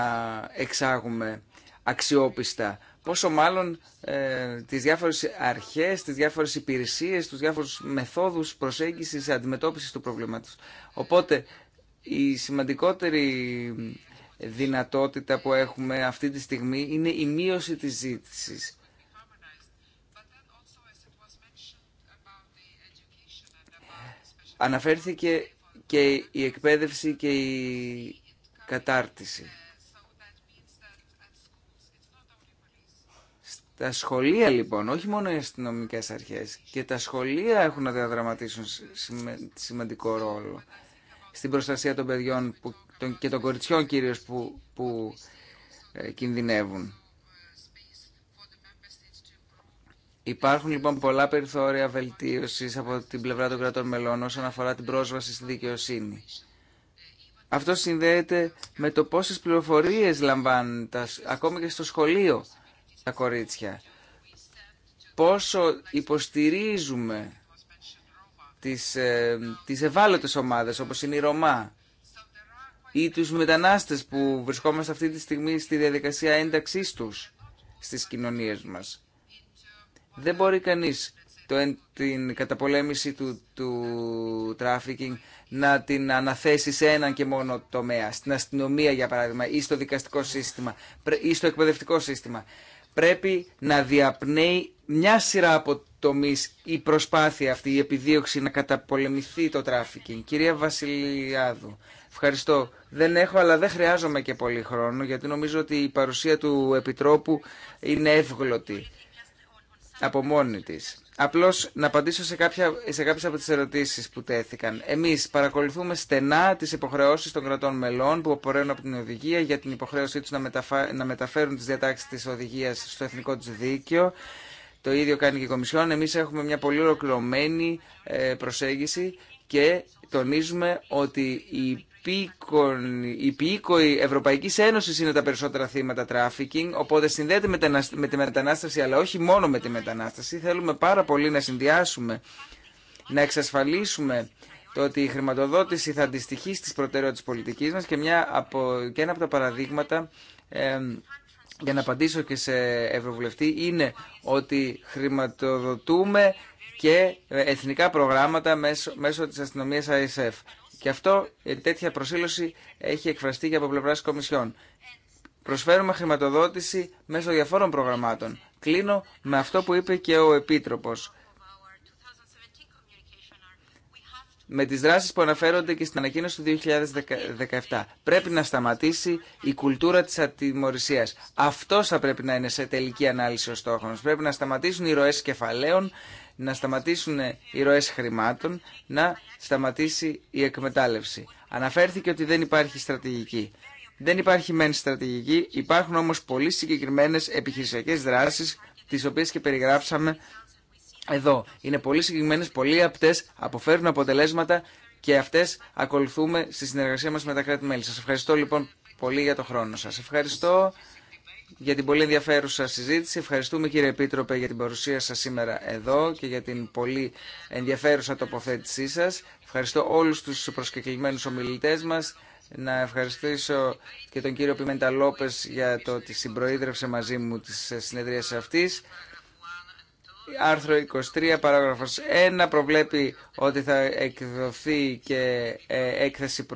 εξάγουμε αξιόπιστα πόσο μάλλον ε, τις διάφορες αρχές, τις διάφορες υπηρεσίες, τους διάφορους μεθόδους προσέγγισης, αντιμετώπισης του προβλήματος. Οπότε η σημαντικότερη δυνατότητα που έχουμε αυτή τη στιγμή είναι η μείωση της ζήτησης. Αναφέρθηκε και η εκπαίδευση και η κατάρτιση. Τα σχολεία λοιπόν, όχι μόνο οι αστυνομικέ αρχές, και τα σχολεία έχουν να διαδραματίσουν σημαντικό ρόλο στην προστασία των παιδιών που, και των κοριτσιών κυρίως που, που ε, κινδυνεύουν. Υπάρχουν λοιπόν πολλά περιθώρια βελτίωσης από την πλευρά των κρατών μελών όσον αφορά την πρόσβαση στη δικαιοσύνη. Αυτό συνδέεται με το πόσες πληροφορίες λαμβάνουν, τα, ακόμη και στο σχολείο, τα κορίτσια. Πόσο υποστηρίζουμε τις, ε, τις ευάλωτες ομάδες όπως είναι η Ρωμά ή τους μετανάστες που βρισκόμαστε αυτή τη στιγμή στη διαδικασία ένταξής τους στις κοινωνίες μας. Δεν μπορεί κανείς το, την καταπολέμηση του, του τράφικινγκ να την αναθέσει σε έναν και μόνο τομέα, στην αστυνομία για παράδειγμα ή στο δικαστικό σύστημα ή στο εκπαιδευτικό σύστημα πρέπει να διαπνέει μια σειρά από τομείς η προσπάθεια αυτή, η επιδίωξη να καταπολεμηθεί το τράφικινγκ. Κυρία Βασιλιάδου, ευχαριστώ. Δεν έχω αλλά δεν χρειάζομαι και πολύ χρόνο γιατί νομίζω ότι η παρουσία του Επιτρόπου είναι εύγλωτη από μόνη της. Απλώς να απαντήσω σε, κάποια, σε κάποιες από τις ερωτήσεις που τέθηκαν. Εμείς παρακολουθούμε στενά τις υποχρεώσει των κρατών μελών που απορρέουν από την οδηγία για την υποχρέωσή του να, μεταφέρουν τις διατάξεις της οδηγίας στο εθνικό του δίκαιο. Το ίδιο κάνει και η Κομισιόν. Εμείς έχουμε μια πολύ ολοκληρωμένη ε, προσέγγιση και τονίζουμε ότι η υπήκοη Ευρωπαϊκή Ένωση είναι τα περισσότερα θύματα τράφικινγκ, οπότε συνδέεται με τη μετανάσταση, αλλά όχι μόνο με τη μετανάστευση. Θέλουμε πάρα πολύ να συνδυάσουμε, να εξασφαλίσουμε το ότι η χρηματοδότηση θα αντιστοιχεί στις προτεραιότητες πολιτικής μας και, και ένα από τα παραδείγματα ε, για να απαντήσω και σε Ευρωβουλευτή είναι ότι χρηματοδοτούμε και ε, εθνικά προγράμματα μέσω, μέσω της αστυνομίας ISF. Και αυτό, τέτοια προσήλωση έχει εκφραστεί και από πλευρά Κομισιόν. Προσφέρουμε χρηματοδότηση μέσω διαφόρων προγραμμάτων. Κλείνω με αυτό που είπε και ο Επίτροπος. με τις δράσεις που αναφέρονται και στην ανακοίνωση του 2017. Πρέπει να σταματήσει η κουλτούρα της ατιμορρησίας. Αυτό θα πρέπει να είναι σε τελική ανάλυση ο στόχος. Πρέπει να σταματήσουν οι ροές κεφαλαίων, να σταματήσουν οι ροές χρημάτων, να σταματήσει η εκμετάλλευση. Αναφέρθηκε ότι δεν υπάρχει στρατηγική. Δεν υπάρχει μεν στρατηγική, υπάρχουν όμως πολύ συγκεκριμένες επιχειρησιακές δράσεις, τις οποίες και περιγράψαμε εδώ. Είναι πολύ συγκεκριμένες, πολύ απτές, αποφέρουν αποτελέσματα και αυτές ακολουθούμε στη συνεργασία μας με τα κράτη-μέλη. Σας ευχαριστώ λοιπόν πολύ για το χρόνο σας. Ευχαριστώ για την πολύ ενδιαφέρουσα συζήτηση. Ευχαριστούμε κύριε Επίτροπε για την παρουσία σας σήμερα εδώ και για την πολύ ενδιαφέρουσα τοποθέτησή σας. Ευχαριστώ όλους τους προσκεκλημένους ομιλητές μας. Να ευχαριστήσω και τον κύριο Πιμέντα Λόπες για το ότι συμπροείδρευσε μαζί μου τις συνεδρίες αυτής. Άρθρο 23, παράγραφος 1, προβλέπει ότι θα εκδοθεί και ε, έκθεση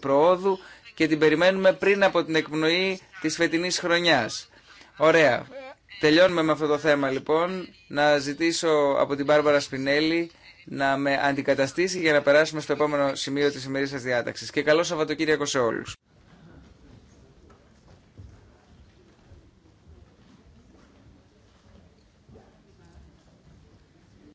προόδου και την περιμένουμε πριν από την εκπνοή της φετινής χρονιάς. Ωραία. Τελειώνουμε με αυτό το θέμα λοιπόν. Να ζητήσω από την Μπάρμπαρα Σπινέλη να με αντικαταστήσει για να περάσουμε στο επόμενο σημείο της σημερινής διάταξης. Και καλό Σαββατοκύριακο σε όλους.